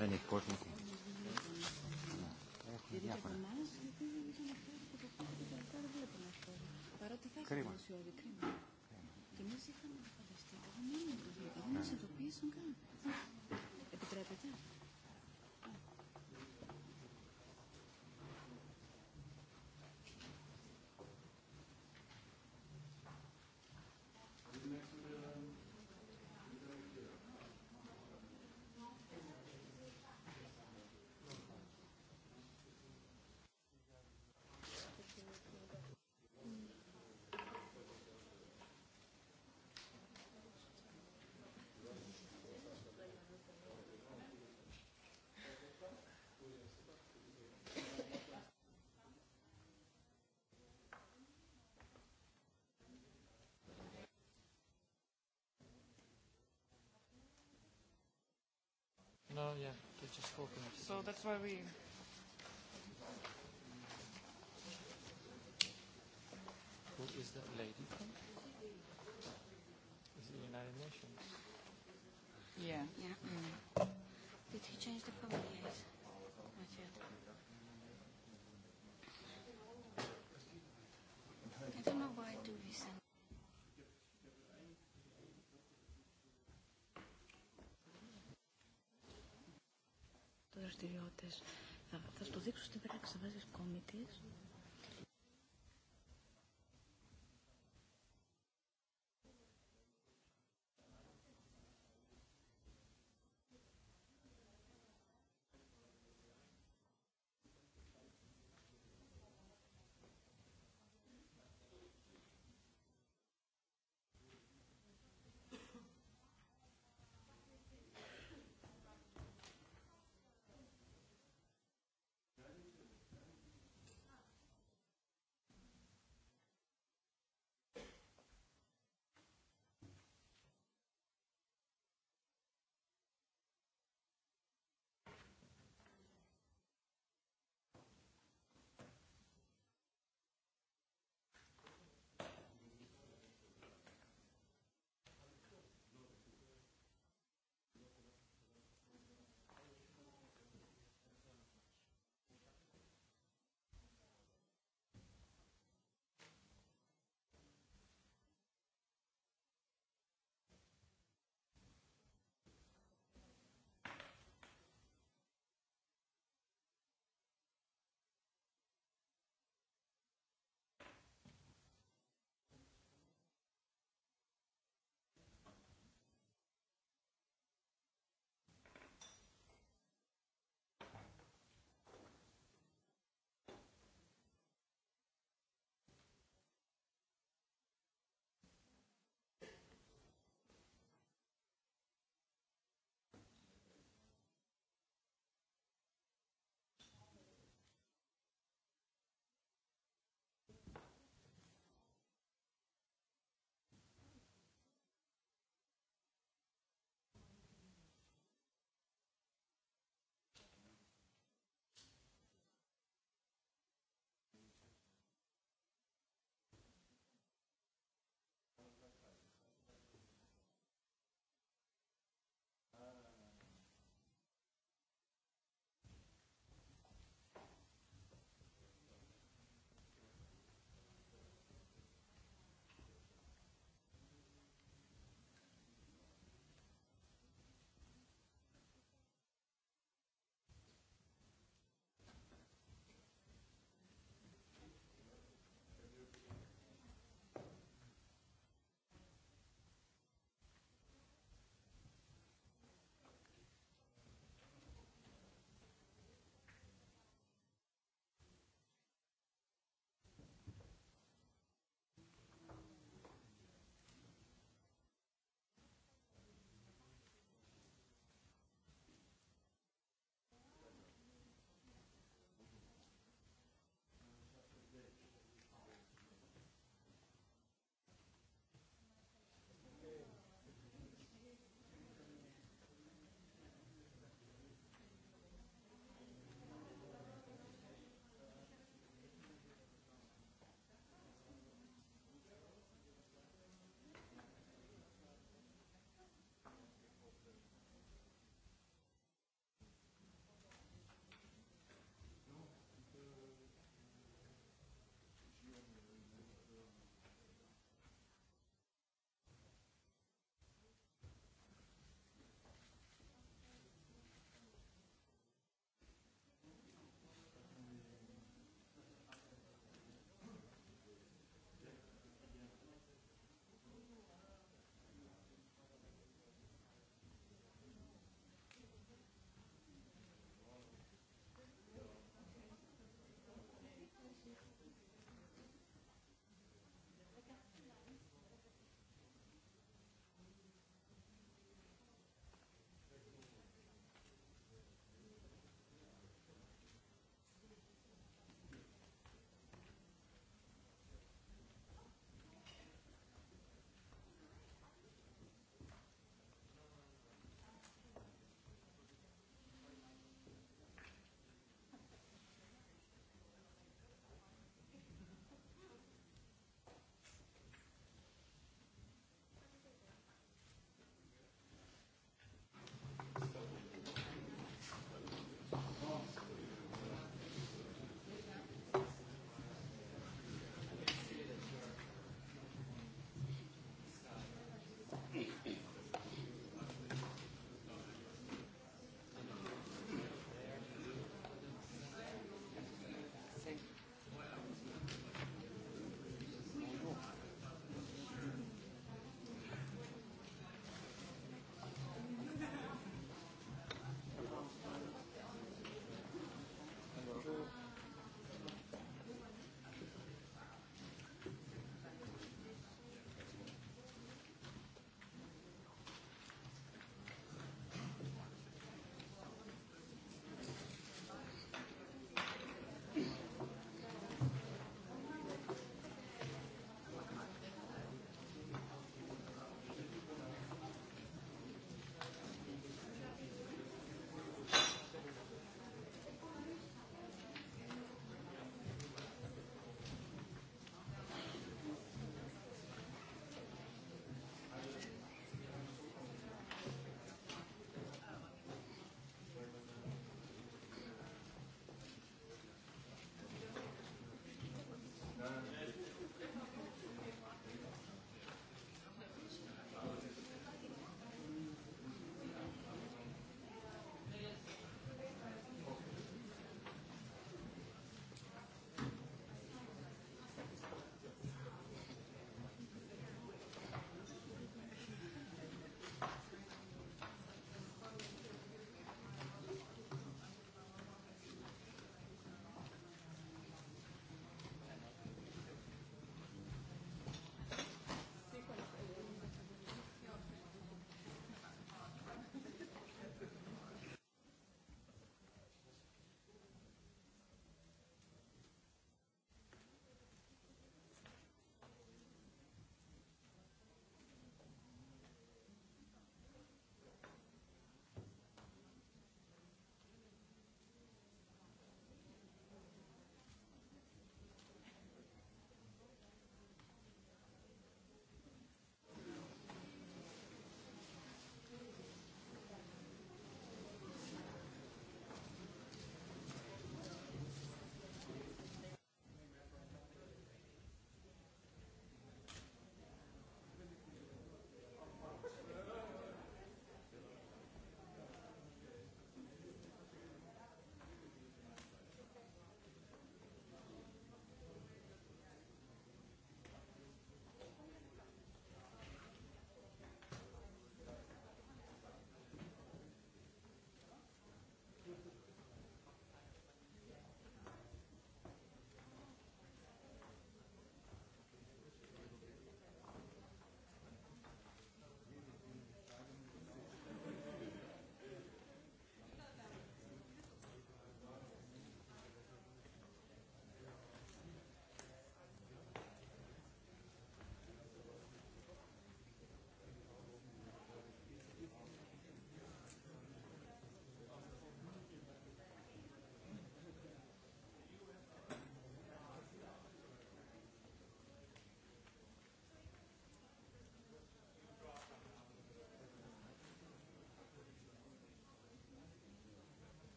Δεν έχει κόσμο. Γιατί από εμάς ήταν αυτό που το τελικά δεν βλέπουμε αυτό. Παρότι θα έχει δημοσιόδη, κρίμα. Και εμείς είχαμε φανταστεί. Εγώ μόνοι μου το βλέπω. Δεν μας ειδοποίησαν καν. Επιτρέπετε. Oh, yeah, they just opened it. So that's why we... Who is that lady from? Is it the United Nations? Yeah. Yeah. Mm. Did he change the cover yet? Not yet. I don't know why do we send δραστηριότητες. Θα, θα στο δείξω στην πράξη της Committees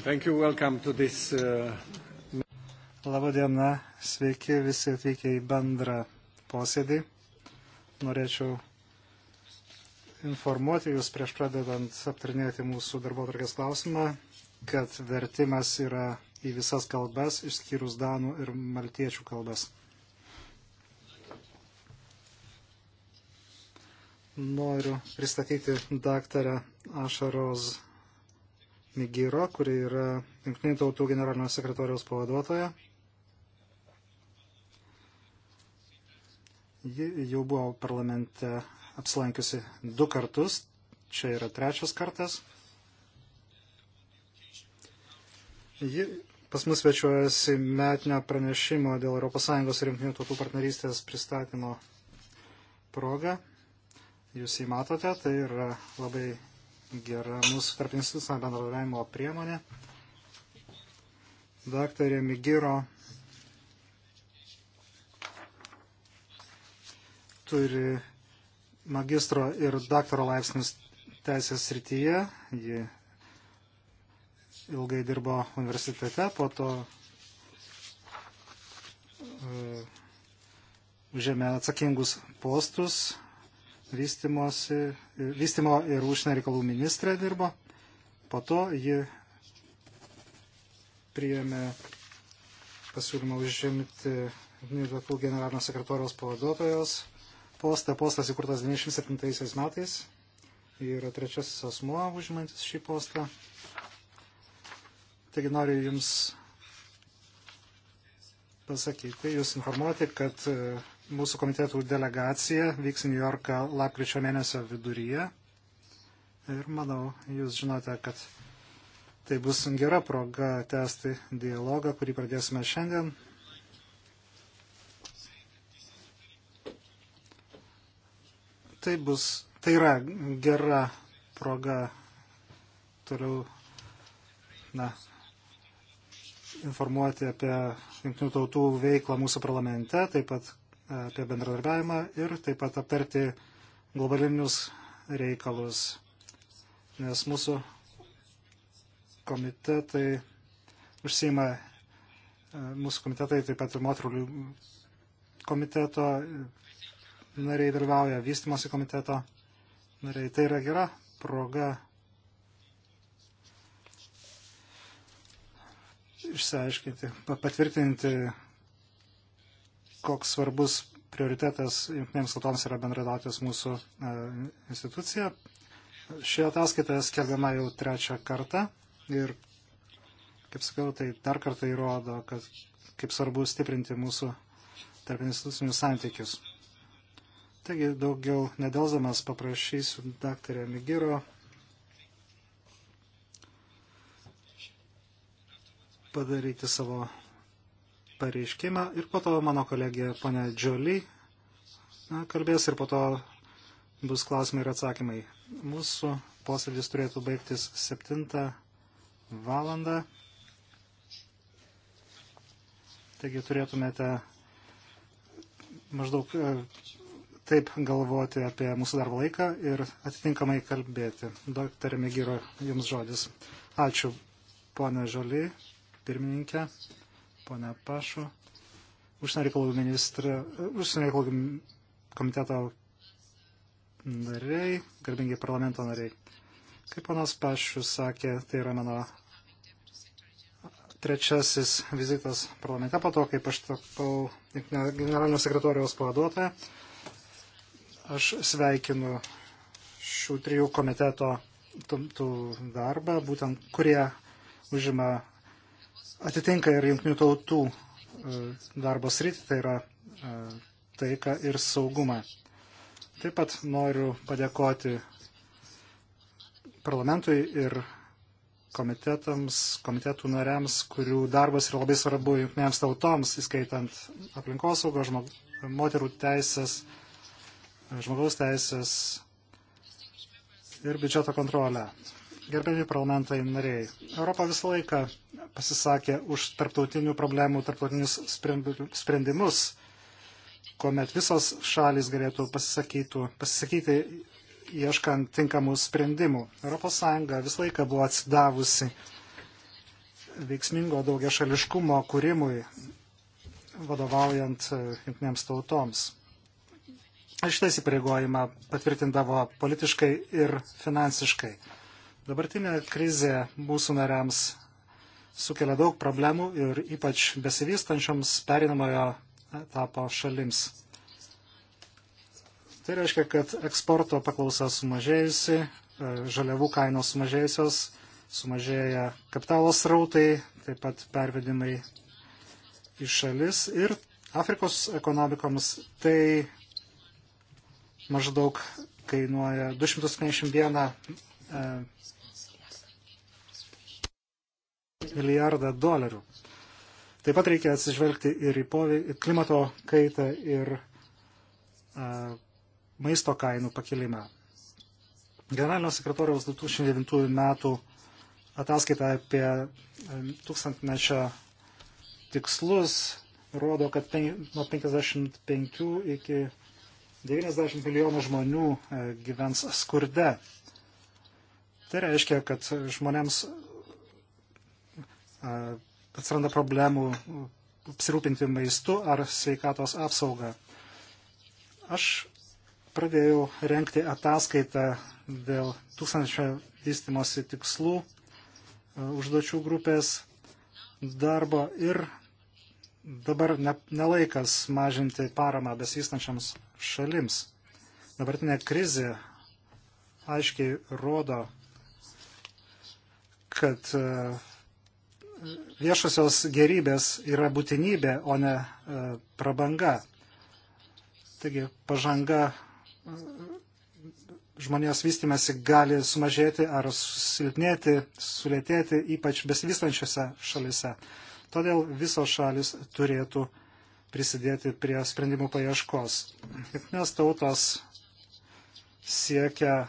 Thank you, welcome to this. Uh... Labadiena, sveiki visi atvykę į bendrą posėdį. Norėčiau informuoti Jūs prieš pradedant aptarinėti mūsų darbo tarkės klausimą, kad vertimas yra į visas kalbas, išskyrus danų ir maltiečių kalbas. Noriu pristatyti daktarę Ašaros Migiro, kuri yra Junktinių tautų generalinio sekretoriaus pavaduotoja. Ji jau buvo parlamente apsilankiusi du kartus, čia yra trečias kartas. Ji pas mus svečiuojasi metinio pranešimo dėl ES ir Junktinių tautų partnerystės pristatymo proga. Jūs jį matote, tai yra labai gera mūsų tarpinstitucinio bendradarbiavimo priemonė. Daktarė Migiro turi magistro ir daktaro laipsnius teisės srityje. Ji ilgai dirbo universitete, po to uh, užėmė atsakingus postus vystimo ir užsienio reikalų ministrė dirbo. Po to ji priėmė pasiūlymą užimti Nidaklų generalinio sekretorijos pavaduotojos postą. Postas įkurtas 97 metais. Ji yra trečiasis asmuo užimantis šį postą. Taigi noriu Jums pasakyti, Jūs informuoti, kad mūsų komitetų delegacija vyks New Yorką lapkričio mėnesio viduryje. Ir manau, jūs žinote, kad tai bus gera proga tęsti dialogą, kurį pradėsime šiandien. Tai, bus, tai yra gera proga toliau na, informuoti apie jungtinių tautų veiklą mūsų parlamente, taip pat apie bendradarbiavimą ir taip pat aptarti globalinius reikalus, nes mūsų komitetai užsima, e, mūsų komitetai taip pat ir moterų komiteto nariai dalyvauja, vystimosi komiteto nariai. Tai yra gera proga išsiaiškinti, patvirtinti koks svarbus prioritetas jungtinėms tautoms yra bendradautis mūsų e, institucija. Ši ataskaita skelbiama jau trečią kartą ir, kaip sakiau, tai dar kartą įrodo, kad kaip svarbu stiprinti mūsų tarp institucinius santykius. Taigi daugiau nedelzamas paprašysiu daktarę Migiro padaryti savo pareiškimą ir po to mano kolegė ponia Džioli na, kalbės ir po to bus klausimai ir atsakymai. Mūsų posėdis turėtų baigtis 7 valandą. Taigi turėtumėte maždaug e, taip galvoti apie mūsų darbo laiką ir atitinkamai kalbėti. Doktorė Megyro, jums žodis. Ačiū, ponė Žoli, pirmininkė ponia Pašu, užsienio reikalų ministra, užsienio reikalų komiteto nariai, garbingi parlamento nariai. Kaip ponas Pašius sakė, tai yra mano trečiasis vizitas parlamente po to, kaip aš tapau generalinio sekretorijos pavaduotoją. Aš sveikinu šių trijų komiteto tų, tų darbą, būtent kurie užima atitinka ir jungtinių tautų e, darbos rytį, tai yra e, taiką ir saugumą. Taip pat noriu padėkoti parlamentui ir komitetams, komitetų nariams, kurių darbas yra labai svarbu jungtinėms tautoms, įskaitant aplinkosaugą, žmog, moterų teisės, žmogaus teisės ir biudžeto kontrolę. Gerbėjai parlamentai nariai, Europa visą laiką pasisakė už tarptautinių problemų, tarptautinius sprendimus, kuomet visos šalis galėtų pasisakyti ieškant tinkamų sprendimų. ES visą laiką buvo atsidavusi veiksmingo daugia šališkumo kūrimui, vadovaujant e, jungtinėms tautoms. Šitą įsipareigojimą patvirtindavo politiškai ir finansiškai. Dabartinė krizė mūsų nariams sukelia daug problemų ir ypač besivystančioms perinamojo etapo šalims. Tai reiškia, kad eksporto paklausa sumažėjusi, e, žaliavų kainos sumažėjusios, sumažėja kapitalos rautai, taip pat pervedimai į šalis ir Afrikos ekonomikoms tai maždaug kainuoja 251 milijardą dolerių. Taip pat reikia atsižvelgti ir į poveikį, klimato kaitą ir a, e, maisto kainų pakilimą. Generalinio sekretoriaus 2009 metų ataskaita apie e, tūkstantmečio tikslus rodo, kad pen, nuo 55 iki 90 milijonų žmonių e, gyvens skurde. Tai reiškia, kad žmonėms atsiranda problemų apsirūpinti maistu ar sveikatos apsaugą. Aš pradėjau renkti ataskaitą dėl tūkstančio vystimosi tikslų, užduočių grupės darbo ir dabar nelaikas ne mažinti paramą besivystančiams šalims. Dabartinė krizė aiškiai rodo, kad viešosios gerybės yra būtinybė, o ne e, prabanga. Taigi pažanga e, žmonijos vystimėsi gali sumažėti ar silpnėti, sulėtėti, ypač besivystančiose šalise. Todėl visos šalis turėtų prisidėti prie sprendimų paieškos. Jungtinės tautos siekia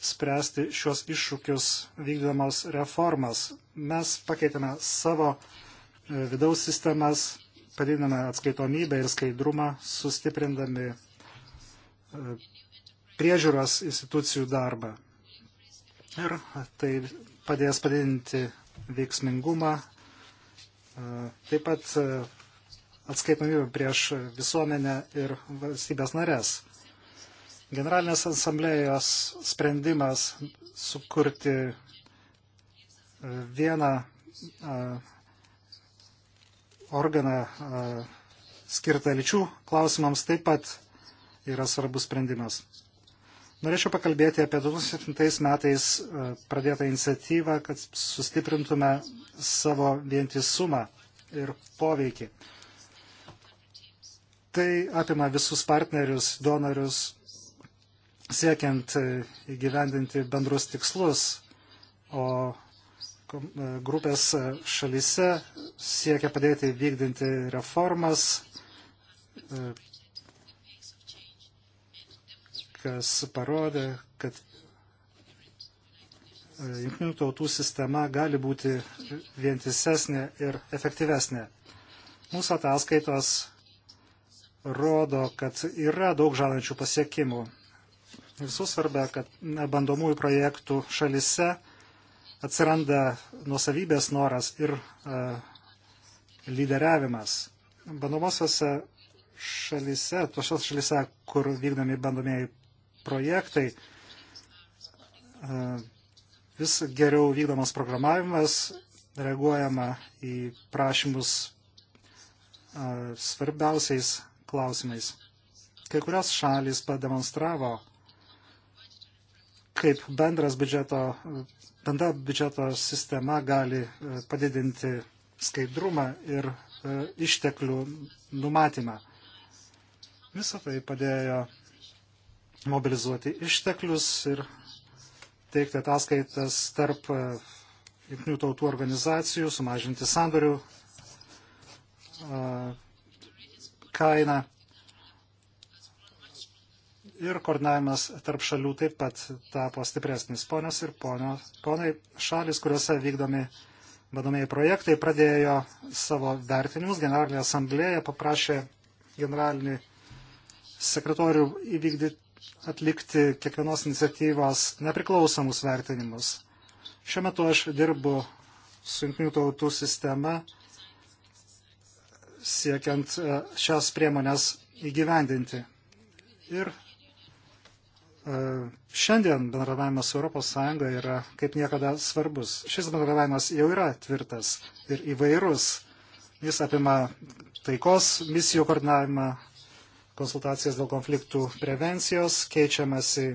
spręsti šios iššūkius vykdomos reformas. Mes pakeitėme savo e, vidaus sistemas, padidiname atskaitomybę ir skaidrumą, sustiprindami e, priežiūros institucijų darbą. Ir tai padės padidinti veiksmingumą, e, taip pat atskaitomybę prieš visuomenę ir valstybės narės. Generalinės asamblėjos sprendimas sukurti e, vieną a, e, organą a, e, skirtą lyčių klausimams taip pat yra svarbus sprendimas. Norėčiau pakalbėti apie 2007 metais pradėtą iniciatyvą, kad sustiprintume savo vientisumą ir poveikį. Tai apima visus partnerius, donorius, siekiant e, įgyvendinti bendrus tikslus, o e, grupės e, šalise siekia padėti vykdinti reformas, kas parodė, kad jungtinių tautų sistema gali būti vientisesnė ir efektyvesnė. Mūsų ataskaitos rodo, kad yra daug žalančių pasiekimų. Visus svarbia, kad bandomųjų projektų šalise atsiranda nuosavybės noras ir uh, lyderiavimas. Bandomosiose šalise, tuose šalise, kur vykdomi bandomieji projektai, uh, vis geriau vykdomas programavimas, reaguojama į prašymus uh, svarbiausiais klausimais. Kai kurios šalis pademonstravo, kaip bendras biudžeto, bendra biudžeto sistema gali e, padidinti skaidrumą ir e, išteklių numatymą. Visą tai padėjo mobilizuoti išteklius ir teikti ataskaitas tarp e, jungtinių tautų organizacijų, sumažinti sandorių kainą ir koordinavimas tarp šalių taip pat tapo stipresnis. Ponios ir ponio, ponai, šalis, kuriuose vykdomi bandomieji projektai, pradėjo savo vertinimus. Generalinė asamblėja paprašė generalinį sekretorių įvykdyti, atlikti kiekvienos iniciatyvos nepriklausomus vertinimus. Šiuo metu aš dirbu su jungtinių tautų sistema siekiant e, šias priemonės įgyvendinti. Ir E, šiandien bendradavimas su ES yra kaip niekada svarbus. Šis bendradavimas jau yra tvirtas ir įvairus. Jis apima taikos misijų koordinavimą, konsultacijas dėl konfliktų prevencijos, keičiamasi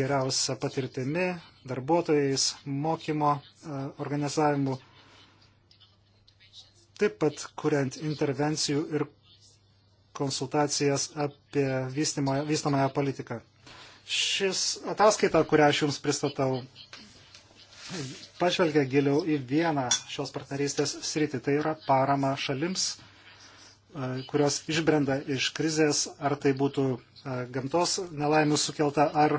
geriausia patirtimi, darbuotojais, mokymo e, organizavimu, taip pat kuriant intervencijų ir konsultacijas apie vystamąją politiką. Šis ataskaita, kurią aš Jums pristatau, pažvelgia giliau į vieną šios partnerystės sritį. Tai yra parama šalims, e, kurios išbrenda iš krizės, ar tai būtų e, gamtos nelaimių sukelta, ar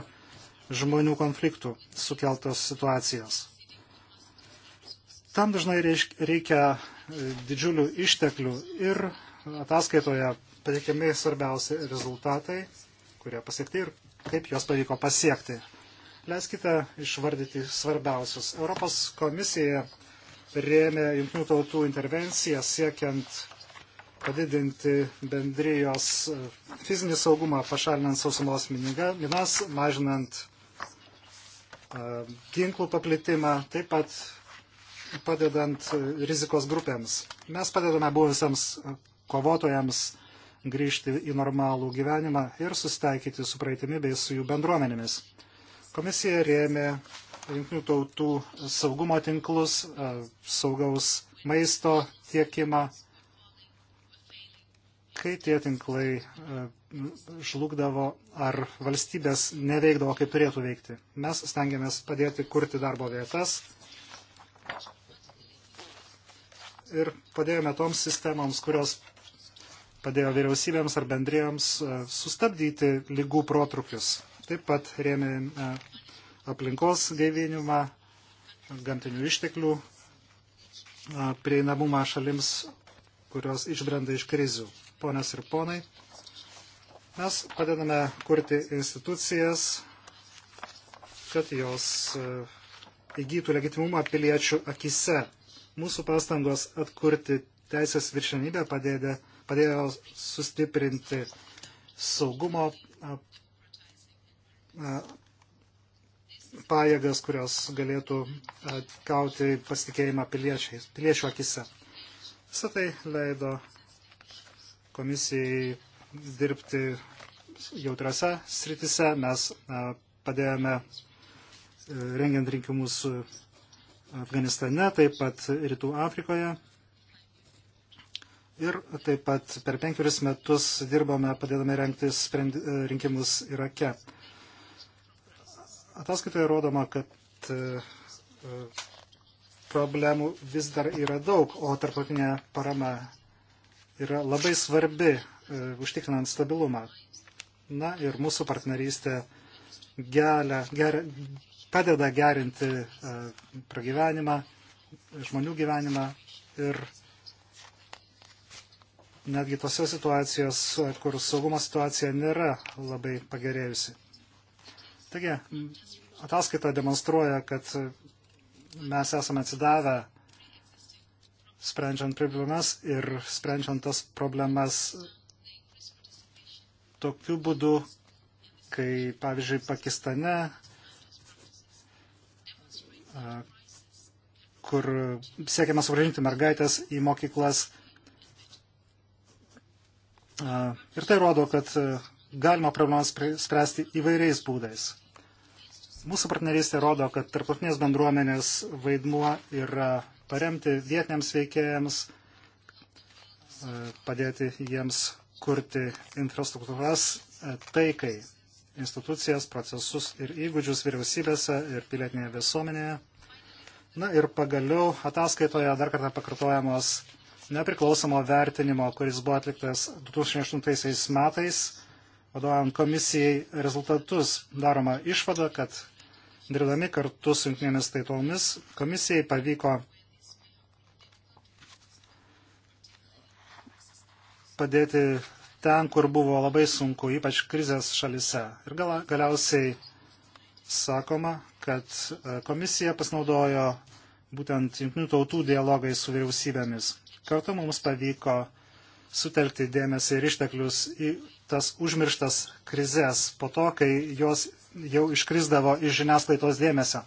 žmonių konfliktų sukeltos situacijos. Tam dažnai reikia e, didžiulių išteklių ir ataskaitoje pateikiami svarbiausi rezultatai, kurie pasiekti ir kaip juos pavyko pasiekti. Leiskite išvardyti svarbiausius. Europos komisija rėmė jungtinių tautų intervenciją siekiant padidinti bendrijos e, fizinį saugumą, pašalinant sausumos minas, mažinant uh, ginklų paplitimą, taip pat padedant e, rizikos grupėms. Mes padedame buvusiems kovotojams grįžti į normalų gyvenimą ir susitaikyti su praeitimi bei su jų bendruomenėmis. Komisija rėmė Junktinių tautų saugumo tinklus, e, saugaus maisto tiekimą. Kai tie tinklai e, žlugdavo ar valstybės neveikdavo, kaip turėtų veikti, mes stengiamės padėti kurti darbo vietas ir padėjome toms sistemoms, kurios padėjo vyriausybėms ar bendrėjams e, sustabdyti lygų protrukius. Taip pat rėmė e, aplinkos gaivinimą, gamtinių išteklių e, prieinamumą šalims, kurios išbrenda iš krizių. Ponios ir ponai, mes padedame kurti institucijas, kad jos įgytų legitimumą piliečių akise. Mūsų pastangos atkurti teisės viršenybę padėdė padėjo sustiprinti saugumo pajėgas, kurios galėtų atgauti pasitikėjimą piliečių akise. Visą tai leido komisijai dirbti jautriose sritise. Mes padėjome e, rengiant rinkimus Afganistane, taip pat Rytų Afrikoje. Ir taip pat per penkerius metus dirbome padėdami renkti sprendi, e, rinkimus Irake. Ataskaitoje rodoma, kad e, e, problemų vis dar yra daug, o tarptautinė parama yra labai svarbi užtikrinant stabilumą. Na ir mūsų partnerystė gelia, ger, padeda gerinti pragyvenimą, žmonių gyvenimą ir netgi tose situacijos, kur saugumo situacija nėra labai pagerėjusi. Taigi, ataskaita demonstruoja, kad mes esame atsidavę sprendžiant problemas ir sprendžiant tas problemas tokiu būdu, kai, pavyzdžiui, Pakistane, kur siekiama sugrąžinti mergaitės į mokyklas, Ir tai rodo, kad e, galima problemas spręsti įvairiais būdais. Mūsų partnerystė rodo, kad tarptautinės bendruomenės vaidmuo yra paremti vietiniams veikėjams, e, padėti jiems kurti infrastruktūras e, taikai, institucijas, procesus ir įgūdžius vyriausybėse ir pilietinėje visuomenėje. Na ir pagaliau ataskaitoje dar kartą pakartojamos nepriklausomo vertinimo, kuris buvo atliktas 2008 metais, vadovaujant komisijai rezultatus, daroma išvada, kad dirbdami kartu su jungtinėmis taitomis komisijai pavyko padėti ten, kur buvo labai sunku, ypač krizės šalise. Ir gal, galiausiai sakoma, kad e, komisija pasinaudojo būtent jungtinių tautų dialogai su vyriausybėmis. Kartu mums pavyko sutelkti dėmesį ir išteklius į tas užmirštas krizės po to, kai jos jau iškrisdavo iš žiniasklaidos dėmesio.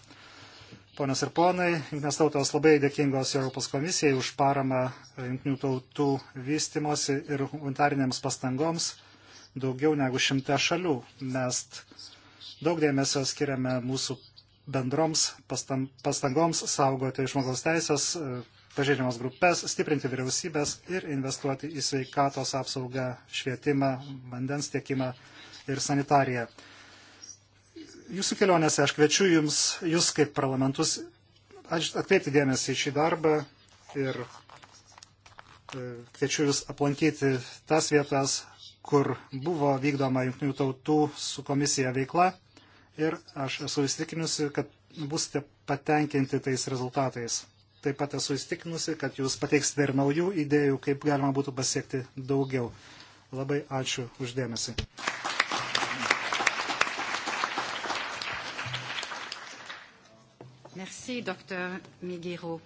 Ponios ir ponai, Junktinės tautos labai dėkingos Europos komisijai už paramą Junktinių tautų vystimosi ir humanitarinėms pastangoms daugiau negu šimte šalių. Mes daug dėmesio skiriame mūsų bendroms pastangoms saugoti žmogaus teisės, pažeidžiamas grupės, stiprinti vyriausybės ir investuoti į sveikatos apsaugą, švietimą, vandens tiekimą ir sanitariją. Jūsų kelionėse aš kviečiu jums, jūs kaip parlamentus atkreipti dėmesį į šį darbą ir e, kviečiu jūs aplankyti tas vietas, kur buvo vykdoma jungtinių tautų su komisija veikla ir aš esu įstikinusi, kad būsite patenkinti tais rezultatais taip pat esu įstikinusi, kad jūs pateiksite ir naujų idėjų, kaip galima būtų pasiekti daugiau. Labai ačiū uždėmesi. Merci, dr. Migiro.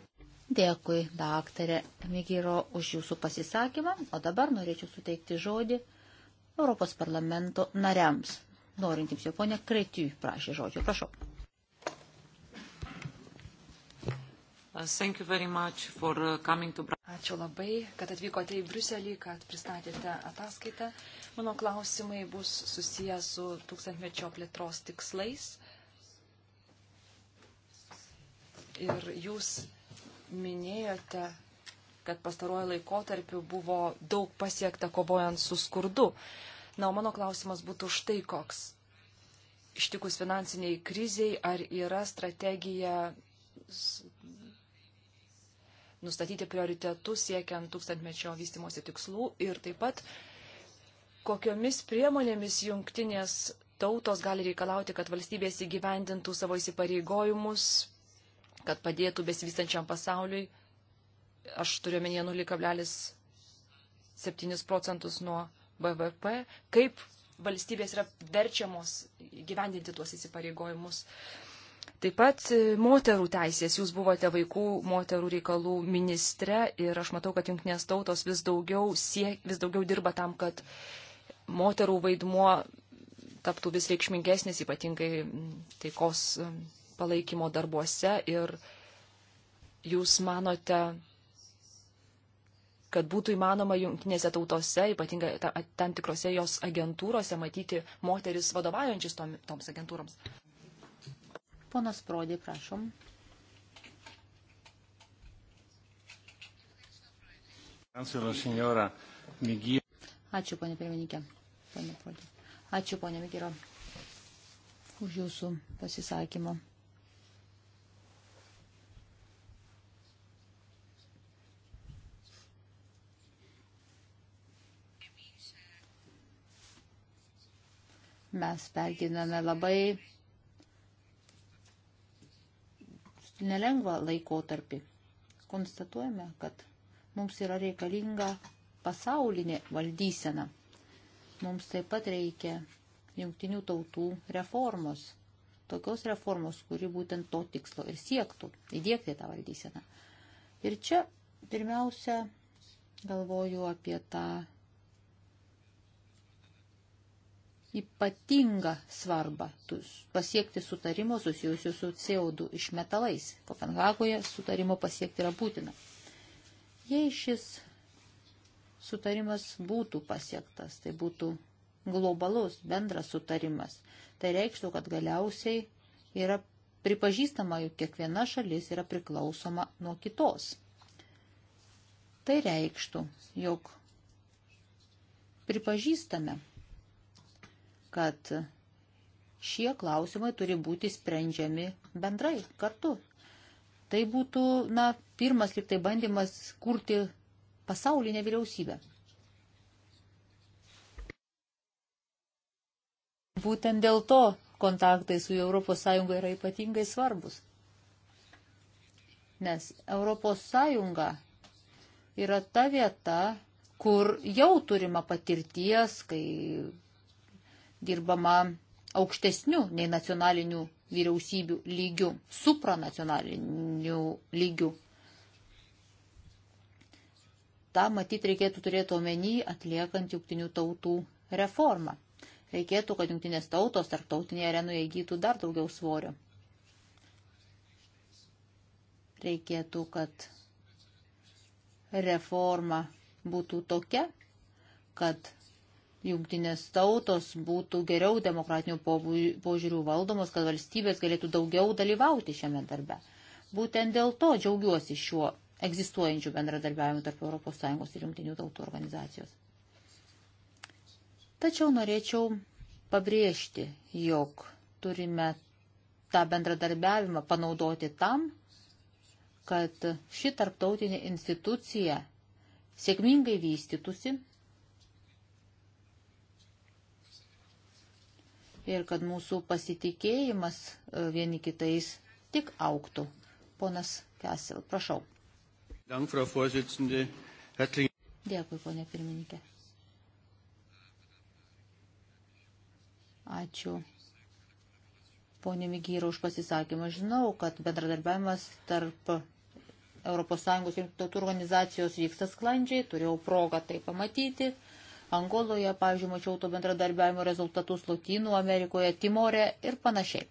Dėkui, daktarė Migiro, už jūsų pasisakymą. O dabar norėčiau suteikti žodį Europos parlamento nariams. Norintiems jo ponė Kretiu prašė žodžio. Prašau. Uh, uh, to... Ačiū labai, kad atvykote į Bruselį, kad pristatėte ataskaitą. Mano klausimai bus susiję su tūkstantmečio plėtros tikslais. Ir jūs minėjote, kad pastaruoju laikotarpiu buvo daug pasiekta kovojant su skurdu. Na, o mano klausimas būtų štai koks ištikus finansiniai kriziai, ar yra strategija nustatyti prioritetus siekiant tūkstantmečio vystimosi tikslų ir taip pat kokiomis priemonėmis jungtinės tautos gali reikalauti, kad valstybės įgyvendintų savo įsipareigojimus, kad padėtų besivystančiam pasauliui. Aš turiu menyje 0,7 procentus nuo BVP. Kaip valstybės yra verčiamos įgyvendinti tuos įsipareigojimus. Uh, Taip pat e, moterų teisės. Jūs buvote vaikų moterų reikalų ministre ir aš matau, kad jungtinės tautos vis daugiau, siek, vis daugiau dirba tam, kad moterų vaidmuo taptų vis reikšmingesnis, ypatingai taikos palaikymo darbuose. Ir jūs manote, kad būtų įmanoma jungtinėse tautose, ypatingai tam tikrose jos agentūrose, matyti moteris vadovaujančius toms agentūroms. Ponas Prodė, prašom. Ačiū, ponė pirmininkė. Ponė Prodė. Ačiū, ponė Migiro, už jūsų pasisakymą. Mes perginame labai nelengvą laikotarpį. Konstatuojame, kad mums yra reikalinga pasaulinė valdysena. Mums taip pat reikia jungtinių tautų reformos. Tokios reformos, kuri būtent to tikslo ir siektų įdėkti tą valdyseną. Ir čia pirmiausia galvoju apie tą ypatingą svarbą pasiekti sutarimo susijusiu su CO2 iš metalais. Kopenhagoje sutarimo pasiekti yra būtina. Jei šis sutarimas būtų pasiektas, tai būtų globalus bendras sutarimas, tai reikštų, kad galiausiai yra pripažįstama, jog kiekviena šalis yra priklausoma nuo kitos. Tai reikštų, jog pripažįstame kad šie klausimai turi būti sprendžiami bendrai, kartu. Tai būtų, na, pirmas tik tai bandymas kurti pasaulinę vyriausybę. Būtent dėl to kontaktai su ES yra ypatingai svarbus. Nes ES yra ta vieta, kur jau turima patirties, kai dirbama aukštesnių nei nacionalinių vyriausybių lygių, supranacionalinių lygių. Ta matyt reikėtų turėti omeny atliekant jungtinių tautų reformą. Reikėtų, kad jungtinės tautos tarptautinėje arenoje įgytų dar daugiau svorio. Reikėtų, kad reforma būtų tokia, kad jungtinės tautos būtų geriau demokratinių požiūrių valdomos, kad valstybės galėtų daugiau dalyvauti šiame darbe. Būtent dėl to džiaugiuosi šiuo egzistuojančiu bendradarbiavimu tarp ES ir jungtinių tautų organizacijos. Tačiau norėčiau pabrėžti, jog turime tą bendradarbiavimą panaudoti tam, kad ši tarptautinė institucija sėkmingai vystytųsi ir kad mūsų pasitikėjimas e, vieni kitais tik auktų. Ponas Kesel, prašau. Dėkui, ponė pirmininkė. Ačiū. Pone Migyra už pasisakymą. Žinau, kad bendradarbiavimas tarp ES organizacijos vyksta sklandžiai, turėjau progą tai pamatyti. Angoloje, pavyzdžiui, mačiau to bendradarbiavimo rezultatus Lotynų Amerikoje, Timorė ir panašiai.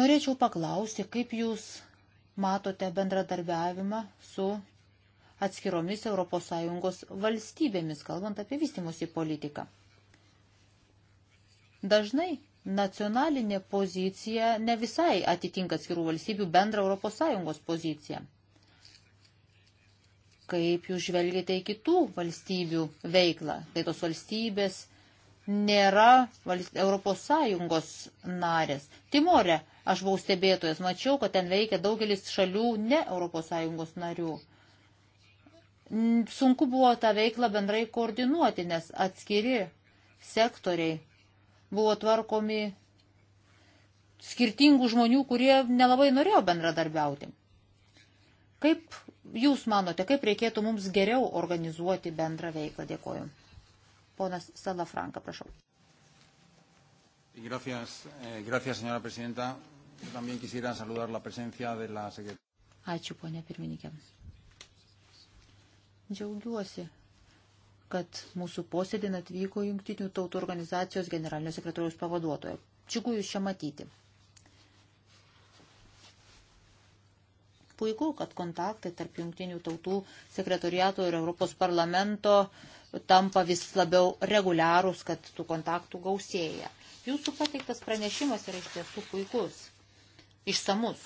Norėčiau paklausti, kaip jūs matote bendradarbiavimą su atskiromis ES valstybėmis, kalbant apie vystimosi politiką. Dažnai nacionalinė pozicija ne visai atitinka atskirų valstybių bendrą ES poziciją kaip jūs žvelgiate į kitų valstybių veiklą, kai tos valstybės nėra valst... Europos Sąjungos narės. Timorė, aš buvau stebėtojas, mačiau, kad ten veikia daugelis šalių ne Europos Sąjungos narių. Sunku buvo tą veiklą bendrai koordinuoti, nes atskiri sektoriai buvo tvarkomi skirtingų žmonių, kurie nelabai norėjo bendradarbiauti. Kaip jūs manote, kaip reikėtų mums geriau organizuoti bendrą veiklą? Dėkoju. Ponas Salafranka, prašau. Gracias, eh, gracias, señora presidenta. Yo también quisiera saludar la presencia de la secretaria. Ačiū, ponė pirmininkė. Džiaugiuosi, kad mūsų posėdin atvyko Jungtinių tautų organizacijos generalinio sekretoriaus pavaduotojo. Čigu jūs čia matyti. Puiku, kad kontaktai tarp jungtinių tautų sekretoriato ir Europos parlamento tampa vis labiau reguliarūs, kad tų kontaktų gausėja. Jūsų pateiktas pranešimas yra iš tiesų puikus, išsamus.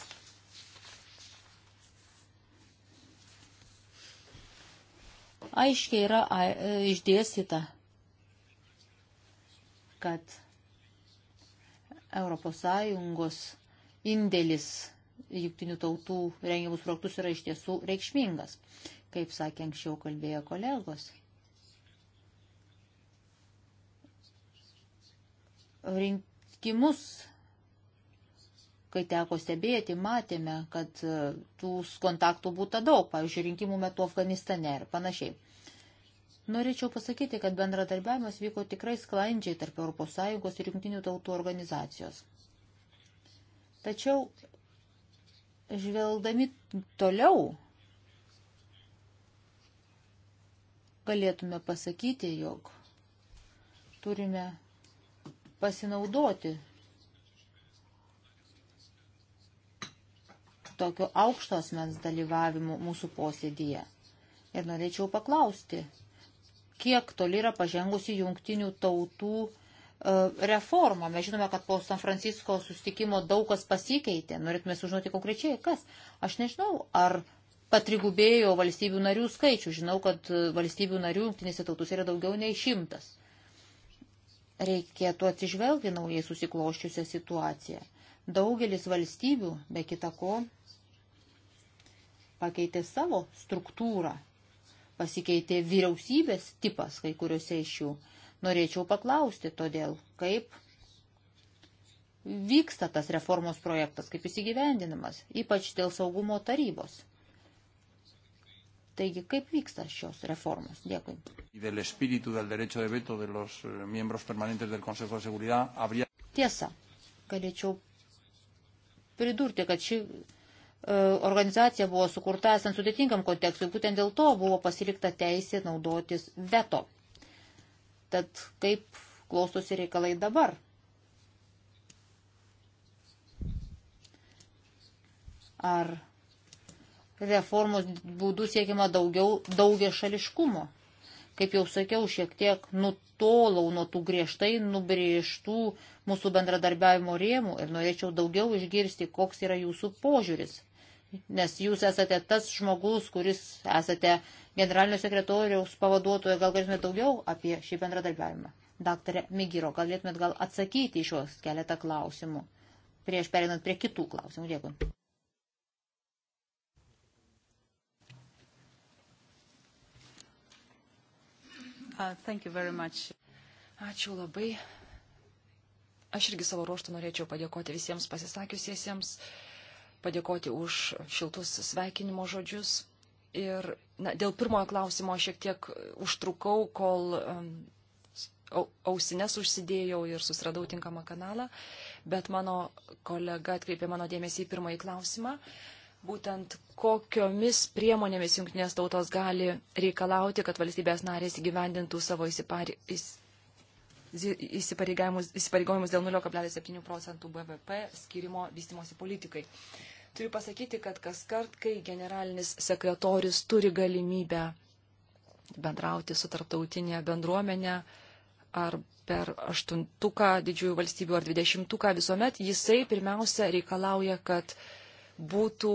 Aiškiai yra išdėstyta, kad Europos Sąjungos indėlis jungtinių tautų rengiamus projektus yra iš tiesų reikšmingas, kaip sakė anksčiau kalbėjo kolegos. Rinkimus, kai teko stebėti, matėme, kad e, tų kontaktų būta daug, pavyzdžiui, rinkimų metu Afganistane ir panašiai. Norėčiau pasakyti, kad bendradarbiavimas vyko tikrai sklandžiai tarp ES ir jungtinių tautų organizacijos. Tačiau žvelgdami toliau galėtume pasakyti, jog turime pasinaudoti tokio aukšto asmens dalyvavimu mūsų posėdyje. Ir norėčiau paklausti, kiek toli yra pažengusi jungtinių tautų E, reformą. Mes žinome, kad po San Francisko sustikimo daug kas pasikeitė. Norėtume sužinoti konkrečiai, kas. Aš nežinau, ar patrigubėjo valstybių narių skaičių. Žinau, kad valstybių narių jungtinėse tautose yra daugiau nei šimtas. Reikėtų atsižvelgti naujai susikloščiusią situaciją. Daugelis valstybių, be kita ko, pakeitė savo struktūrą, pasikeitė vyriausybės tipas kai kuriuose iš jų. Norėčiau paklausti todėl, kaip vyksta tas reformos projektas, kaip jis įgyvendinamas, ypač dėl saugumo tarybos. Taigi, kaip vyksta šios reformos? Dėkui. Eh, Tiesa, galėčiau pridurti, kad ši e, organizacija buvo sukurta esant sudėtingam kontekstui, būtent dėl to buvo pasilikta teisė naudotis veto Tad kaip klostosi reikalai dabar? Ar reformos būdų siekiama daugiau daugia šališkumo? Kaip jau sakiau, šiek tiek nutolau nuo tų griežtai nubrėžtų mūsų bendradarbiavimo rėmų ir norėčiau daugiau išgirsti, koks yra jūsų požiūris nes jūs esate tas žmogus, kuris esate generalinio sekretoriaus pavaduotoja, gal galėtumėt daugiau apie šį bendradarbiavimą. Daktarė Migiro, galėtumėt gal atsakyti iš juos keletą klausimų, prieš perinant prie kitų klausimų. Dėkui. Uh, thank you very much. Ačiū labai. Aš irgi savo ruoštų norėčiau padėkoti visiems pasisakiusiesiems, padėkoti už šiltus sveikinimo žodžius. Ir na, dėl pirmojo klausimo šiek tiek užtrukau, kol um, ausinės užsidėjau ir susiradau tinkamą kanalą, bet mano kolega atkreipė mano dėmesį į pirmąjį klausimą. Būtent kokiomis priemonėmis jungtinės tautos gali reikalauti, kad valstybės narės įgyvendintų savo įsipareigojimus dėl 0,7 procentų BVP skirimo vystimosi politikai. Uh, Turiu pasakyti, kad kas kart, kai generalinis sekretorius turi galimybę bendrauti su tarptautinė bendruomenė ar per aštuntuką didžiųjų valstybių ar dvidešimtuką, visuomet jisai pirmiausia reikalauja, kad būtų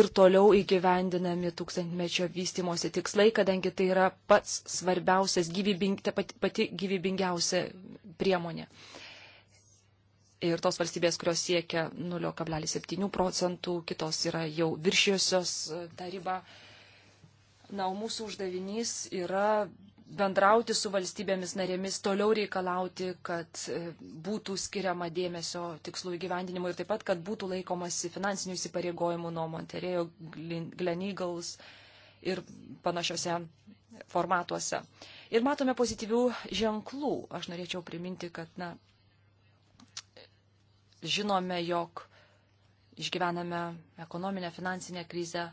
ir toliau įgyvendinami tūkstantmečio vystimosi tikslai, kadangi tai yra pats svarbiausias, gyvybing, pati, pati gyvybingiausia priemonė. Uh, ir tos valstybės, kurios siekia 0,7 procentų, kitos yra jau viršijusios e, tą ribą. Na, o mūsų uždavinys yra bendrauti su valstybėmis narėmis, toliau reikalauti, kad e, būtų skiriama dėmesio tikslų įgyvendinimui ir taip pat, kad būtų laikomasi finansinių įsipareigojimų nuo Monterėjo, Glen Eagles ir panašiose formatuose. Ir matome pozityvių ženklų. Aš norėčiau priminti, kad na, žinome, jog išgyvename ekonominę, finansinę krizę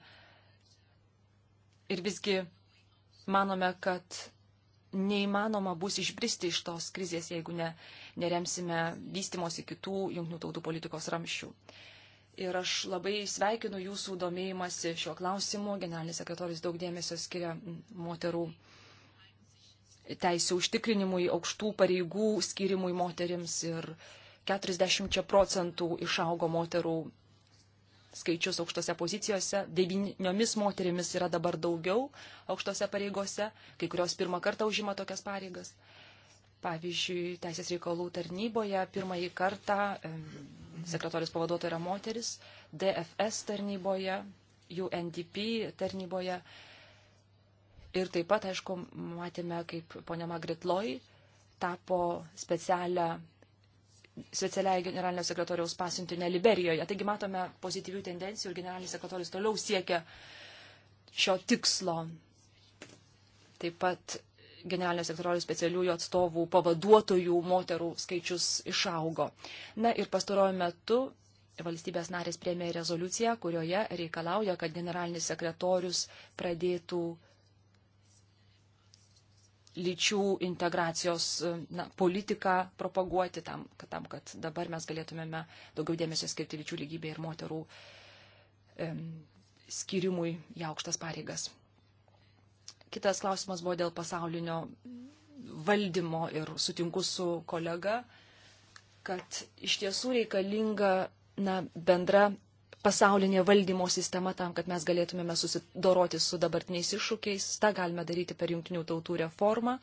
ir visgi manome, kad neįmanoma bus išbristi iš tos krizės, jeigu ne, neremsime vystimosi kitų jungtinių tautų politikos ramščių. Ir aš labai sveikinu jūsų domėjimąsi šiuo klausimu. Generalinis sekretorius daug dėmesio skiria moterų teisų užtikrinimui, aukštų pareigų skirimui moterims ir uh, 40 procentų išaugo moterų skaičius aukštose pozicijose, devyniomis moterimis yra dabar daugiau aukštose pareigose, kai kurios pirmą kartą užima tokias pareigas. Pavyzdžiui, Teisės reikalų tarnyboje pirmąjį kartą sekretorius pavaduotoja yra moteris, DFS tarnyboje, UNDP tarnyboje. Ir taip pat, aišku, matėme, kaip ponia Magritloj tapo specialią specialiai generalinio sekretoriaus pasiuntinę Liberijoje. Taigi matome pozityvių tendencijų ir generalinis sekretorius toliau siekia šio tikslo. Taip pat generalinio sekretoriaus specialiųjų atstovų pavaduotojų moterų skaičius išaugo. Na ir pastaruoju metu valstybės narės priemė rezoliuciją, kurioje reikalauja, kad generalinis sekretorius pradėtų uh, lyčių integracijos na, politiką propaguoti tam, kad, tam, kad dabar mes galėtumėme daugiau dėmesio skirti lyčių lygybė ir moterų um, skirimui į aukštas pareigas. Kitas klausimas buvo dėl pasaulinio valdymo ir sutinku su kolega, kad iš tiesų reikalinga na, bendra pasaulinė valdymo sistema tam, kad mes galėtumėme susidoroti su dabartiniais iššūkiais. Ta galime daryti per jungtinių tautų reformą.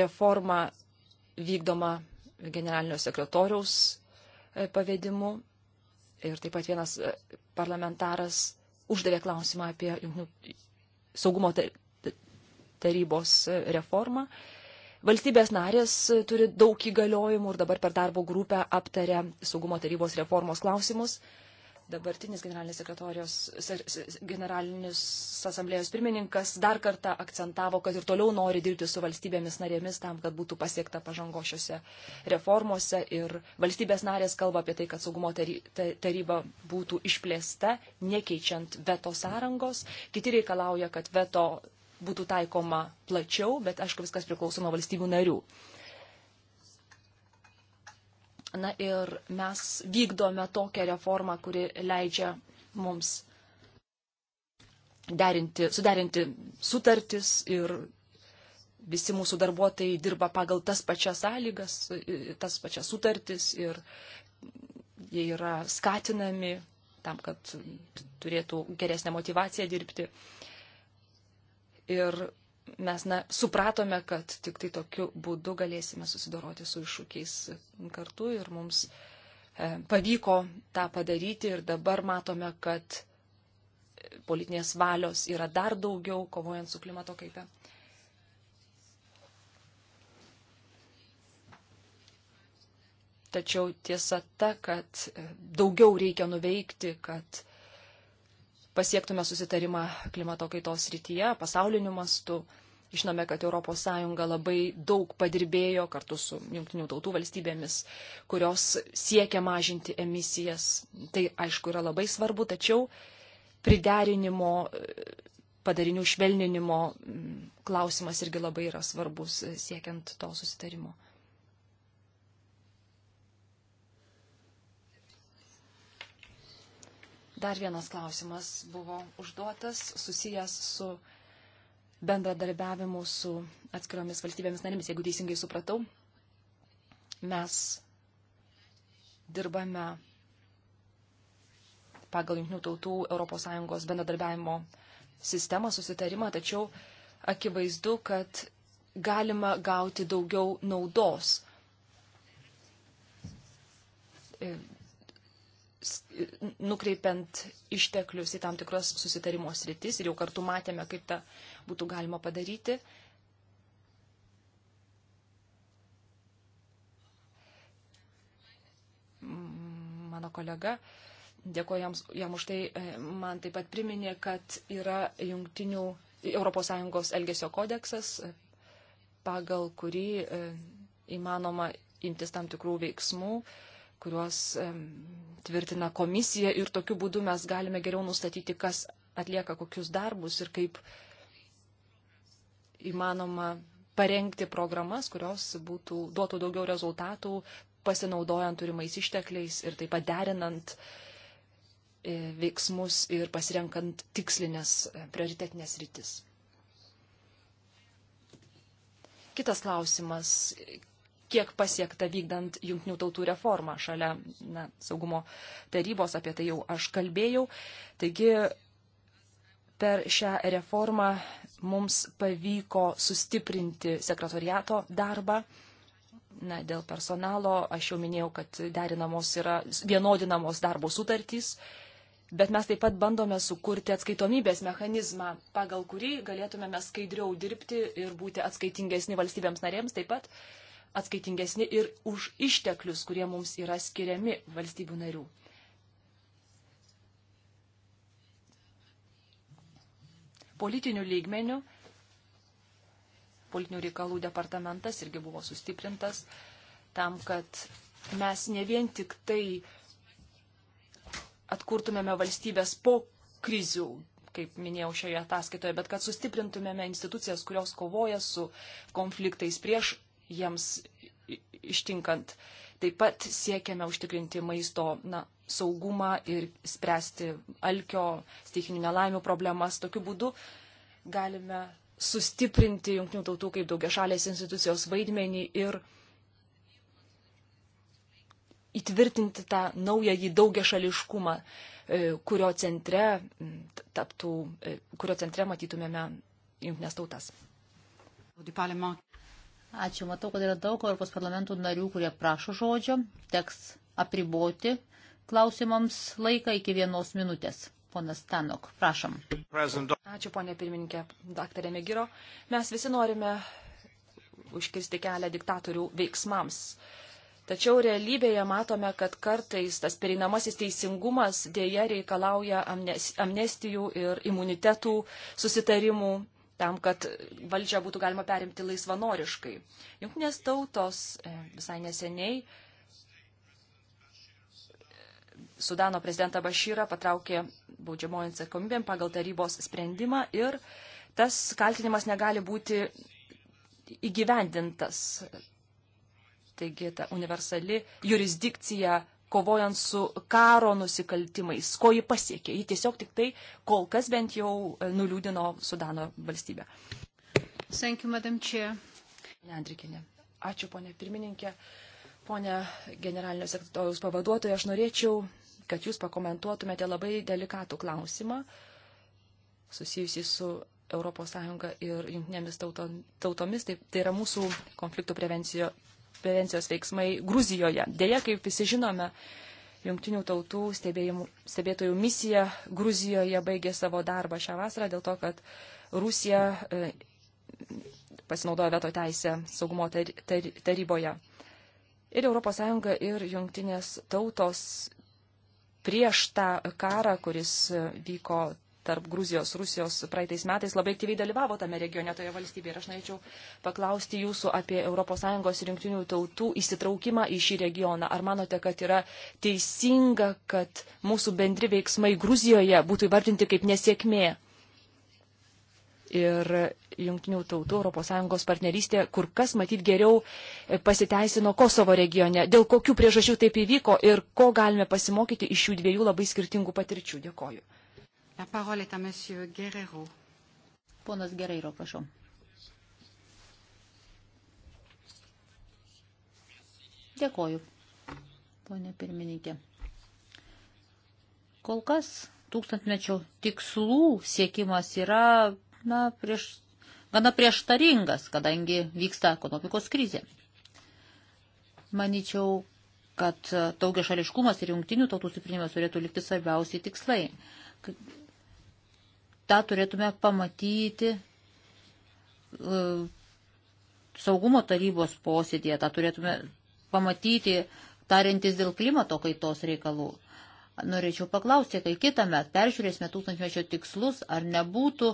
Reforma vykdoma generalinio sekretoriaus e, pavedimu. Ir taip pat vienas e, parlamentaras uždavė klausimą apie saugumo tarybos e, reformą. Valstybės narės e, turi daug įgaliojimų ir dabar per darbo grupę aptarė saugumo tarybos reformos klausimus. Dabartinis generalinės sekretorijos, generalinis asamblėjos pirmininkas dar kartą akcentavo, kad ir toliau nori dirbti su valstybėmis narėmis tam, kad būtų pasiekta pažango šiuose reformuose. Ir valstybės narės kalba apie tai, kad saugumo taryba būtų išplėsta, nekeičiant veto sąrangos. Kiti reikalauja, kad veto būtų taikoma plačiau, bet aišku, viskas priklauso nuo valstybių narių. Na ir mes vykdome tokią reformą, kuri leidžia mums derinti, suderinti sutartis ir visi mūsų darbuotojai dirba pagal tas pačias sąlygas, tas pačias sutartis ir jie yra skatinami tam, kad turėtų geresnę motivaciją dirbti ir mes na, supratome, kad tik tai tokiu būdu galėsime susidoroti su iššūkiais kartu ir mums e, pavyko tą padaryti ir dabar matome, kad politinės valios yra dar daugiau kovojant su klimato kaita. Tačiau tiesa ta, kad e, daugiau reikia nuveikti, kad pasiektume susitarimą klimato kaitos rytyje, pasauliniu mastu. Žinome, kad ES labai daug padirbėjo kartu su jungtinių tautų valstybėmis, kurios siekia mažinti emisijas. Tai aišku yra labai svarbu, tačiau priderinimo, padarinių švelninimo mm, klausimas irgi labai yra svarbus siekiant to susitarimo. Dar vienas klausimas buvo užduotas susijęs su bendradarbiavimu su atskiromis valstybėmis narėmis, jeigu teisingai supratau. Mes dirbame pagal Junktinių tautų ES bendradarbiavimo sistemą, susitarimą, tačiau akivaizdu, kad galima gauti daugiau naudos nukreipiant išteklius į tam tikras susitarimo sritis ir jau kartu matėme, kaip tą būtų galima padaryti. Mano kolega, dėkoju jam, jam už tai, e, man taip pat priminė, kad yra jungtinių ES elgesio kodeksas, pagal kurį e, įmanoma imtis tam tikrų veiksmų, kuriuos tvirtina komisija ir tokiu būdu mes galime geriau nustatyti, kas atlieka kokius darbus ir kaip įmanoma parengti programas, kurios būtų, duotų daugiau rezultatų, pasinaudojant turimais ištekliais ir taip pat derinant e, veiksmus ir pasirenkant tikslinės e, prioritetinės rytis. Kitas klausimas kiek pasiekta vykdant jungtinių tautų reformą šalia na, saugumo tarybos, apie tai jau aš kalbėjau. Taigi per šią reformą mums pavyko sustiprinti sekretoriato darbą. Na, dėl personalo aš jau minėjau, kad derinamos yra vienodinamos darbo sutartys bet mes taip pat bandome sukurti atskaitomybės mechanizmą, pagal kurį galėtumėme skaidriau dirbti ir būti atskaitingesni valstybėms narėms taip pat, atskaitingesni ir už išteklius, kurie mums yra skiriami valstybių narių. Politinių lygmenių, politinių reikalų departamentas irgi buvo sustiprintas tam, kad mes ne vien tik tai atkurtumėme valstybės po krizių, kaip minėjau šioje ataskaitoje, bet kad sustiprintumėme institucijas, kurios kovoja su konfliktais prieš jiems ištinkant. Taip pat siekiame užtikrinti maisto na, saugumą ir spręsti alkio, stichinių nelaimių problemas. Tokiu būdu galime sustiprinti Junktinių tautų kaip daugia šalės institucijos vaidmenį ir įtvirtinti tą naująjį daugiašališkumą, e, kurio centre, taptų, e, kurio centre matytumėme jungtinės tautas. Ačiū, matau, kad yra daug Europos parlamentų narių, kurie prašo žodžio. Teks apriboti klausimams laiką iki vienos minutės. Ponas Tanok, prašom. Ačiū, ponė pirmininkė, daktarė Megiro. Mes visi norime užkirsti kelią diktatorių veiksmams. Tačiau realybėje matome, kad kartais tas pereinamasis teisingumas dėja reikalauja amnestijų ir imunitetų susitarimų tam, kad valdžią būtų galima perimti laisvanoriškai. Junktinės tautos e, visai neseniai Sudano prezidentą Bašyrą patraukė baudžiamojo atsakomybėm pagal tarybos sprendimą ir tas kaltinimas negali būti įgyvendintas. Taigi ta universali jurisdikcija kovojant su karo nusikaltimais, ko ji pasiekė. Ji tiesiog tik tai kol kas bent jau e, nuliūdino Sudano valstybę. Thank you, Madam Chair. Andrikinė. Ačiū, ponė pirmininkė. Pone generalinio sekretoriaus pavaduotoja, aš norėčiau, kad jūs pakomentuotumėte labai delikatų klausimą susijusi su ES ir jungtinėmis tautomis. Tai, tai yra mūsų konfliktų prevencijos prevencijos veiksmai Gruzijoje. Deja, kaip visi žinome, Junktinių tautų stebėtojų misija Gruzijoje baigė savo darbą šią vasarą dėl to, kad Rusija e, pasinaudojo veto teisę saugumo tar, tar, taryboje. Ir ES ir Junktinės tautos prieš tą karą, kuris vyko tarp Gruzijos, Rusijos praeitais metais labai aktyviai dalyvavo tame regione toje valstybėje. Ir aš norėčiau paklausti jūsų apie ES ir jungtinių tautų įsitraukimą į šį regioną. Ar manote, kad yra teisinga, kad mūsų bendri veiksmai Gruzijoje būtų įvardinti kaip nesėkmė? Ir jungtinių tautų ES partnerystė kur kas matyt geriau pasiteisino Kosovo regione. Dėl kokių priežasčių taip įvyko ir ko galime pasimokyti iš šių dviejų labai skirtingų patirčių. Dėkoju. La parole est à monsieur Guerrero. Ponas Guerrero, prašau. Dėkoju, ponė pirmininkė. Kol kas tūkstantmečio tikslų siekimas yra na, prieš, gana prieštaringas, kadangi vyksta ekonomikos krizė. Manyčiau, kad daugia šališkumas ir jungtinių tautų stiprinimas turėtų likti svarbiausiai tikslai tą turėtume pamatyti e, saugumo tarybos posėdėje, tą turėtume pamatyti tarintis dėl klimato kaitos reikalų. Norėčiau paklausti, kai kitą metą peržiūrėsime tūkstantmečio tikslus, ar nebūtų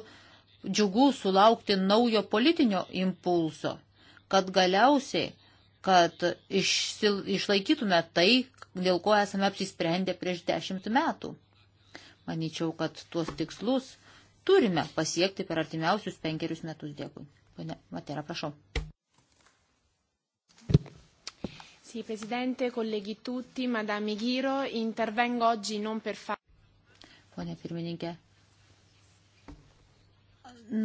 džiugu sulaukti naujo politinio impulso, kad galiausiai, kad išsil, išlaikytume tai, dėl ko esame apsisprendę prieš dešimt metų. Maničiau, kad tuos tikslus turime pasiekti per artimiausius penkerius metus. Dėkui. Pane Matera, prašau. Sì, Presidente, colleghi tutti, Madame Ghiro, intervengo oggi non per fare... Pone pirmininkė,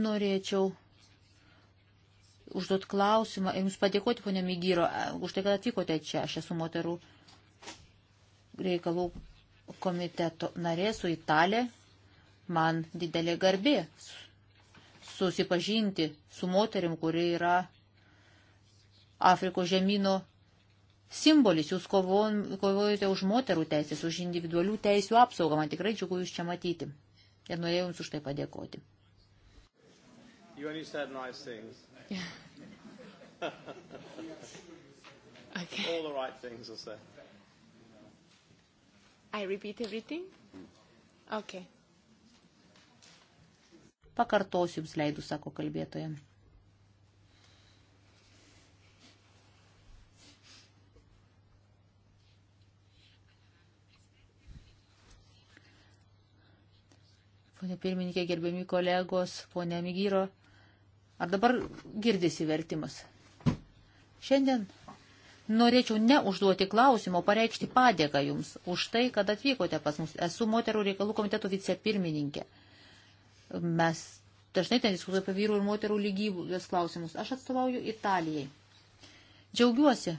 norėčiau užduoti klausimą ir Jums padėkoti, ponė Migyro, už tai, kad atvykote čia. Aš esu moterų reikalų komiteto narė, su Italė Man didelė garbė susipažinti su moterim, kuri yra Afrikos žemynų simbolis. Jūs kovojate už moterų teisės, už individualių teisų apsaugą. Man tikrai džiugu jūs čia matyti. Ir norėjau jums už tai padėkoti. You only said nice things. Yeah. okay. All the right things are said. I repeat everything? Mm. Okay. Pakartosiu jums leidų, sako kalbėtoja. Pone pirmininkė, gerbiami kolegos, pone Migyro, ar dabar girdisi vertimas? Šiandien norėčiau ne užduoti klausimo, pareikšti padėką jums už tai, kad atvykote pas mus. Esu moterų reikalų komiteto vicepirmininkė. pirmininkė. Mes dažnai ten diskutuojame apie vyrų ir moterų lygybės klausimus. Aš atstovauju Italijai. Džiaugiuosi,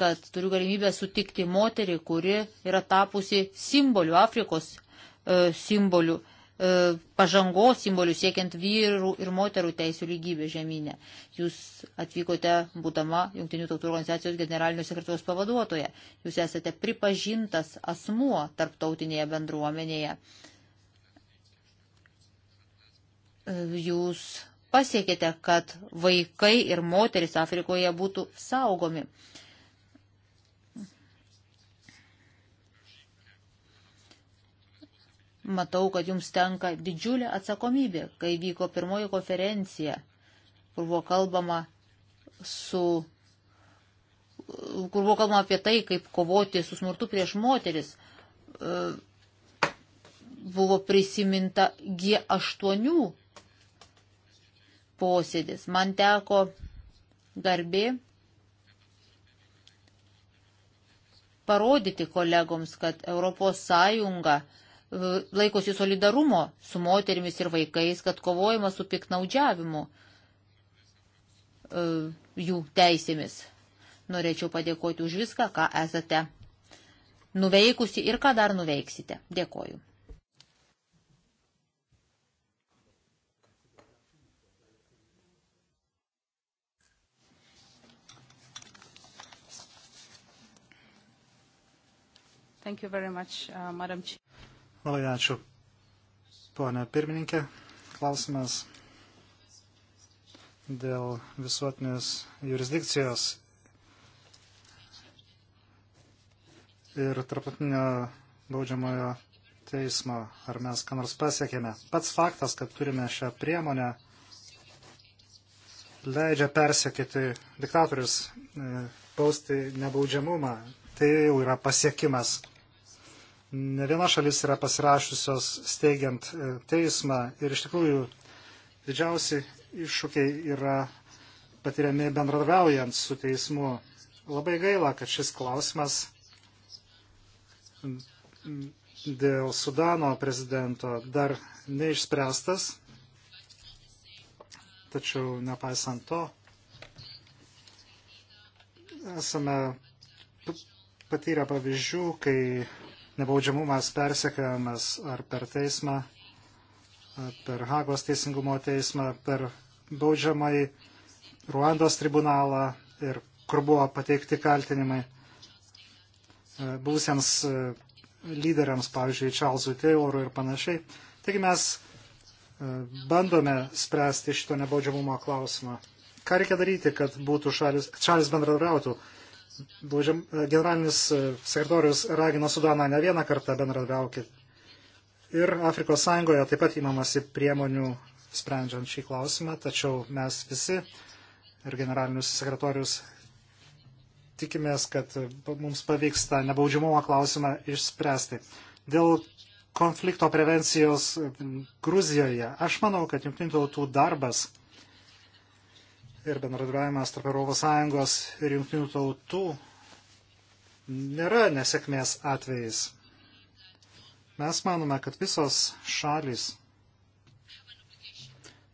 kad turiu galimybę sutikti moterį, kuri yra tapusi simboliu Afrikos e, simboliu e, pažangos simbolių siekiant vyrų ir moterų teisų lygybę žemynę. Jūs atvykote, būdama Junktinių tautų organizacijos generalinio sekretoriaus pavaduotoje. Jūs esate pripažintas asmuo tarptautinėje bendruomenėje. Uh, jūs pasiekėte, kad vaikai ir moteris Afrikoje būtų saugomi. Matau, kad jums tenka didžiulė atsakomybė, kai vyko pirmoji konferencija, kur buvo kalbama su kur buvo kalbama apie tai, kaip kovoti su smurtu prieš moteris, e, buvo prisiminta G8 posėdis. Man teko garbė parodyti kolegoms, kad Europos Sąjunga e, laikosi solidarumo su moterimis ir vaikais, kad kovojama su piknaudžiavimu e, jų teisėmis. Norėčiau padėkoti už viską, ką esate nuveikusi ir ką dar nuveiksite. Dėkoju. Thank you very much, uh, Madam Chair. Labai ačiū, ponė pirmininkė. Klausimas dėl visuotinės jurisdikcijos ir tarptautinio baudžiamojo teismo. Ar mes ką nors pasiekėme? Pats faktas, kad turime šią priemonę, leidžia persekyti diktatorius, e, bausti nebaudžiamumą. Tai jau yra pasiekimas Ne viena šalis yra pasirašusios steigiant e, teismą ir iš tikrųjų didžiausi iššūkiai yra patiriami bendradarbiaujant su teismu. Labai gaila, kad šis klausimas dėl Sudano prezidento dar neišspręstas, tačiau nepaisant to esame patyrę pavyzdžių, kai nebaudžiamumas persekiojamas ar per teismą, per Hagos teisingumo teismą, per baudžiamai Ruandos tribunalą ir kur buvo pateikti kaltinimai e, būsiems e, lyderiams, pavyzdžiui, Čarlzui Teorui ir panašiai. Taigi mes e, bandome spręsti šito nebaudžiamumo klausimą. Ką reikia daryti, kad būtų šalis, šalis bendradarbiautų? Daužiam, e, generalinis e, sekretorius ragino Sudaną ne vieną kartą bendradarbiauti. Ir Afrikos Sąjungoje taip pat įmamasi priemonių sprendžiant šį klausimą, tačiau mes visi ir generalinius sekretorius tikimės, kad mums pavyks tą nebaudžiamumo klausimą išspręsti. Dėl konflikto prevencijos Gruzijoje, aš manau, kad jungtinių tautų darbas ir bendradarbiavimas tarp Europos Sąjungos ir jungtinių tautų nėra nesėkmės atvejais. Mes manome, kad visos šalis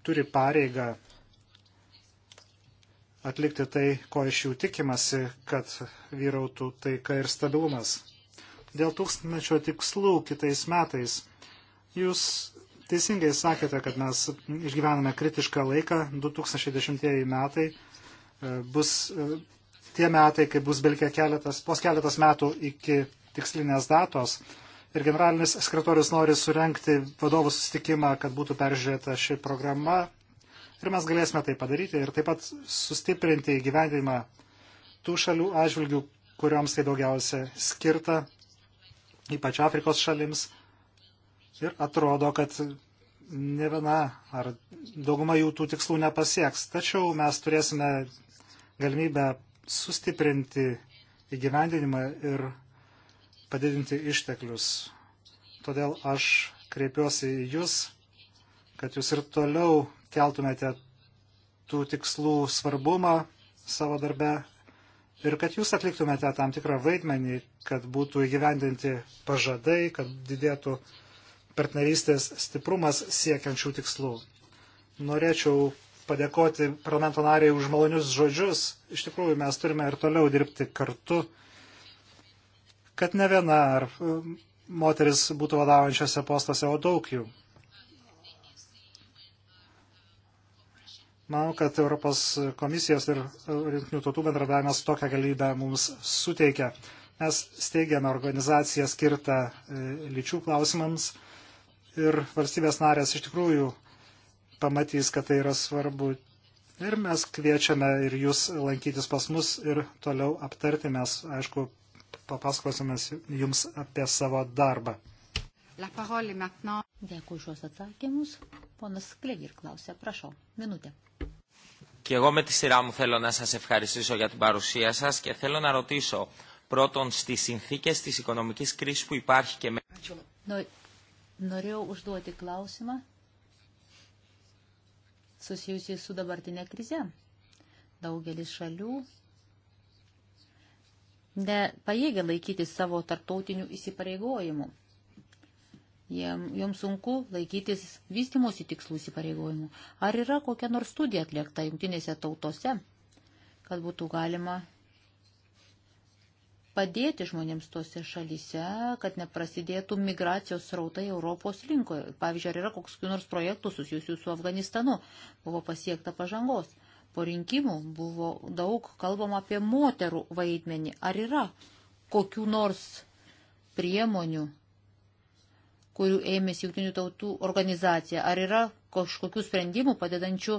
turi pareigą atlikti tai, ko iš jų tikimasi, kad vyrautų taika ir stabilumas. Dėl tūkstantmečio tikslų kitais metais jūs Teisingai sakėte, kad mes išgyvename kritišką laiką, 2010 metai e, bus e, tie metai, kai bus belgia keletas, pos keletas metų iki tikslinės datos. Ir generalinis sekretorius nori surenkti vadovų susitikimą, kad būtų peržiūrėta ši programa. Ir mes galėsime tai padaryti ir taip pat sustiprinti gyvendimą tų šalių atžvilgių, kurioms tai daugiausia skirta, ypač Afrikos šalims. Ir atrodo, kad ne viena ar dauguma jų tų tikslų nepasieks. Tačiau mes turėsime galimybę sustiprinti įgyvendinimą ir padidinti išteklius. Todėl aš kreipiuosi į Jūs, kad Jūs ir toliau keltumėte tų tikslų svarbumą savo darbe ir kad Jūs atliktumėte tam tikrą vaidmenį, kad būtų įgyvendinti pažadai, kad didėtų uh, partnerystės stiprumas siekiančių tikslų. Norėčiau padėkoti parlamento nariai už malonius žodžius. Iš tikrųjų, mes turime ir toliau dirbti kartu, kad ne viena ar e, moteris būtų vadaujančiose postose, o daug jų. Manau, kad Europos komisijos ir e, rinkinių tautų bendradavimas tokią galimybę mums suteikia. Mes steigiame organizaciją skirtą e, lyčių klausimams ir valstybės narės iš tikrųjų pamatys, kad tai yra svarbu. Ir mes kviečiame ir jūs lankytis pas mus ir toliau aptarti. Mes, aišku, papasakosime jums apie savo darbą. Dėkui už šios atsakymus. Ponas Klėgir klausė, prašau, minutė. Και εγώ με τη σειρά μου θέλω να σας ευχαριστήσω για την παρουσία σας και θέλω να ρωτήσω πρώτον στις συνθήκες της οικονομικής κρίσης που υπάρχει και μέσα. Norėjau užduoti klausimą susijusi su dabartinė krize. Daugelis šalių nepaėgia laikyti savo tartautinių įsipareigojimų. Joms sunku laikytis vystimosi tikslų įsipareigojimų. Ar yra kokia nors studija atliekta jungtinėse tautose, kad būtų galima padėti žmonėms tose šalyse, kad neprasidėtų migracijos srautai Europos rinkoje. Pavyzdžiui, ar yra koks nors projektų susijusių su Afganistanu, buvo pasiekta pažangos. Po rinkimų buvo daug kalbama apie moterų vaidmenį. Ar yra kokių nors priemonių, kurių ėmėsi Junktinių tautų organizacija? Ar yra kažkokių sprendimų padedančių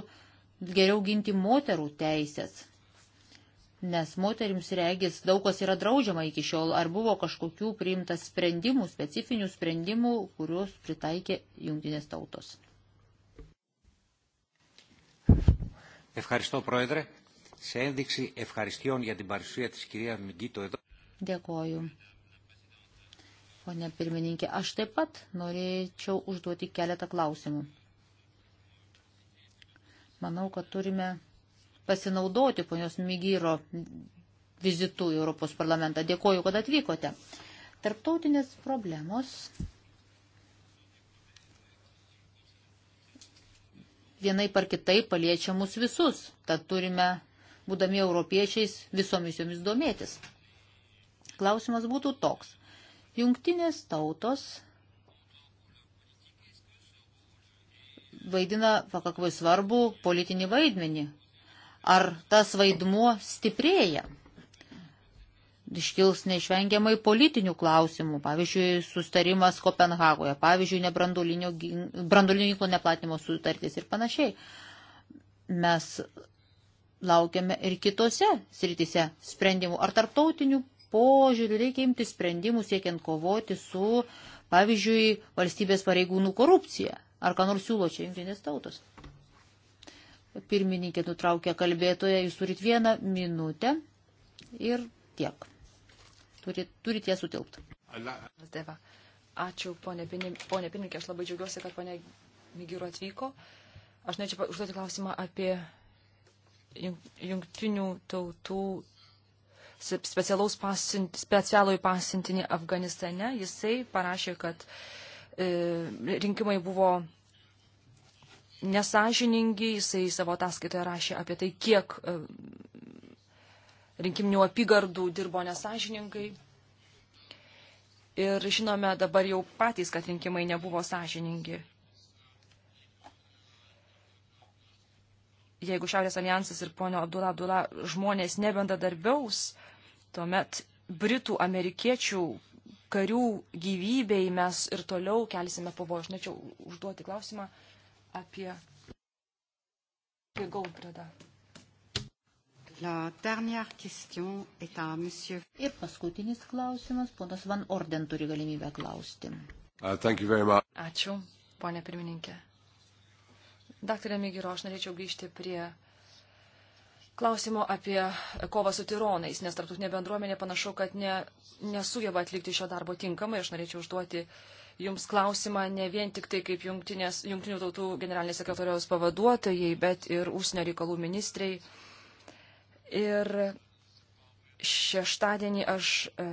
geriau ginti moterų teisės? nes moterims regis daug kas yra draudžiama iki šiol. Ar buvo kažkokių priimtas sprendimų, specifinių sprendimų, kuriuos pritaikė jungtinės tautos? Ευχαριστώ, Πρόεδρε. Σε ένδειξη ευχαριστειών για την παρουσία της κυρίας Μιγκίτο εδώ. Dėkoju. Pone pirmininkė, aš taip pat norėčiau užduoti keletą klausimų. Manau, kad turime pasinaudoti ponios Migiro vizitų į Europos parlamentą. Dėkoju, kad atvykote. Tarptautinės problemos vienai par kitai paliečia mus visus, tad turime, būdami europiečiais, visomis jomis domėtis. Klausimas būtų toks. Jungtinės tautos vaidina pakakvai svarbu politinį vaidmenį. Ar tas vaidmuo stiprėja? Iškils neišvengiamai politinių klausimų, pavyzdžiui, sustarimas Kopenhagoje, pavyzdžiui, nebrandulinio ginklo neplatinimo sutartys ir panašiai. Mes laukiame ir kitose sritise sprendimų. Ar tarptautinių požiūrių reikia imti sprendimų siekiant kovoti su, pavyzdžiui, valstybės pareigūnų korupcija? Ar ką nors siūlo čia jungtinės tautos? Pirmininkė nutraukė kalbėtoje, jūs turit vieną minutę ir tiek. Turit, turit ją sutilpti. Ačiū, ponė, ponė pirmininkė, aš labai džiaugiuosi, kad ponė Migiro atvyko. Aš norėčiau užduoti klausimą apie jungtinių tautų specialaus pasint, specialųjį pasintinį Afganistane. Jisai parašė, kad e, rinkimai buvo nesažiningi, jisai savo ataskaitoje rašė apie tai, kiek e, rinkiminių apygardų dirbo nesažiningai. Ir žinome dabar jau patys, kad rinkimai nebuvo sąžiningi. Jeigu Šiaurės alijansas ir ponio Abdula Abdula žmonės nebendradarbiaus, tuomet Britų, amerikiečių karių gyvybei mes ir toliau kelsime pavojų. Aš norėčiau užduoti klausimą apie, apie Goldbredą. La dernière question est à monsieur. Ir paskutinis klausimas, ponas Van Orden turi galimybę klausti. Uh, thank you very much. Ačiū, ponė pirmininkė. Daktarė Migiro, aš norėčiau grįžti prie klausimo apie kovą su tironais, nes tarptautinė bendruomenė panašu, kad ne, nesugeba atlikti šio darbo tinkamai. Aš norėčiau užduoti uh, jums klausimą ne vien tik tai kaip jungtinės, jungtinių tautų generalinės sekretoriaus pavaduotojai, bet ir užsienio reikalų ministrei. Ir šeštadienį aš e,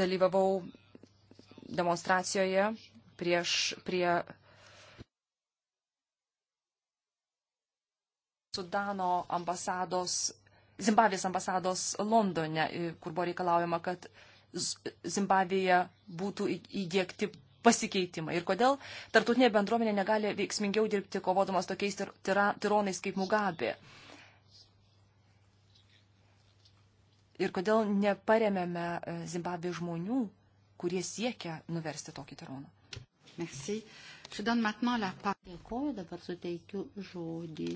dalyvavau demonstracijoje prieš, prie Sudano ambasados, Zimbabvės ambasados Londone, kur buvo reikalaujama, kad Zimbabvėje būtų įdėkti pasikeitimai ir kodėl tartutinė bendruomenė negali veiksmingiau dirbti kovodamas tokiais tyra, tyronais kaip Mugabė. Ir kodėl neparemėme e, Zimbabvės žmonių, kurie siekia nuversti tokį tyroną. Merci. Je donne maintenant la parole. Dėkoju, dabar suteikiu žodį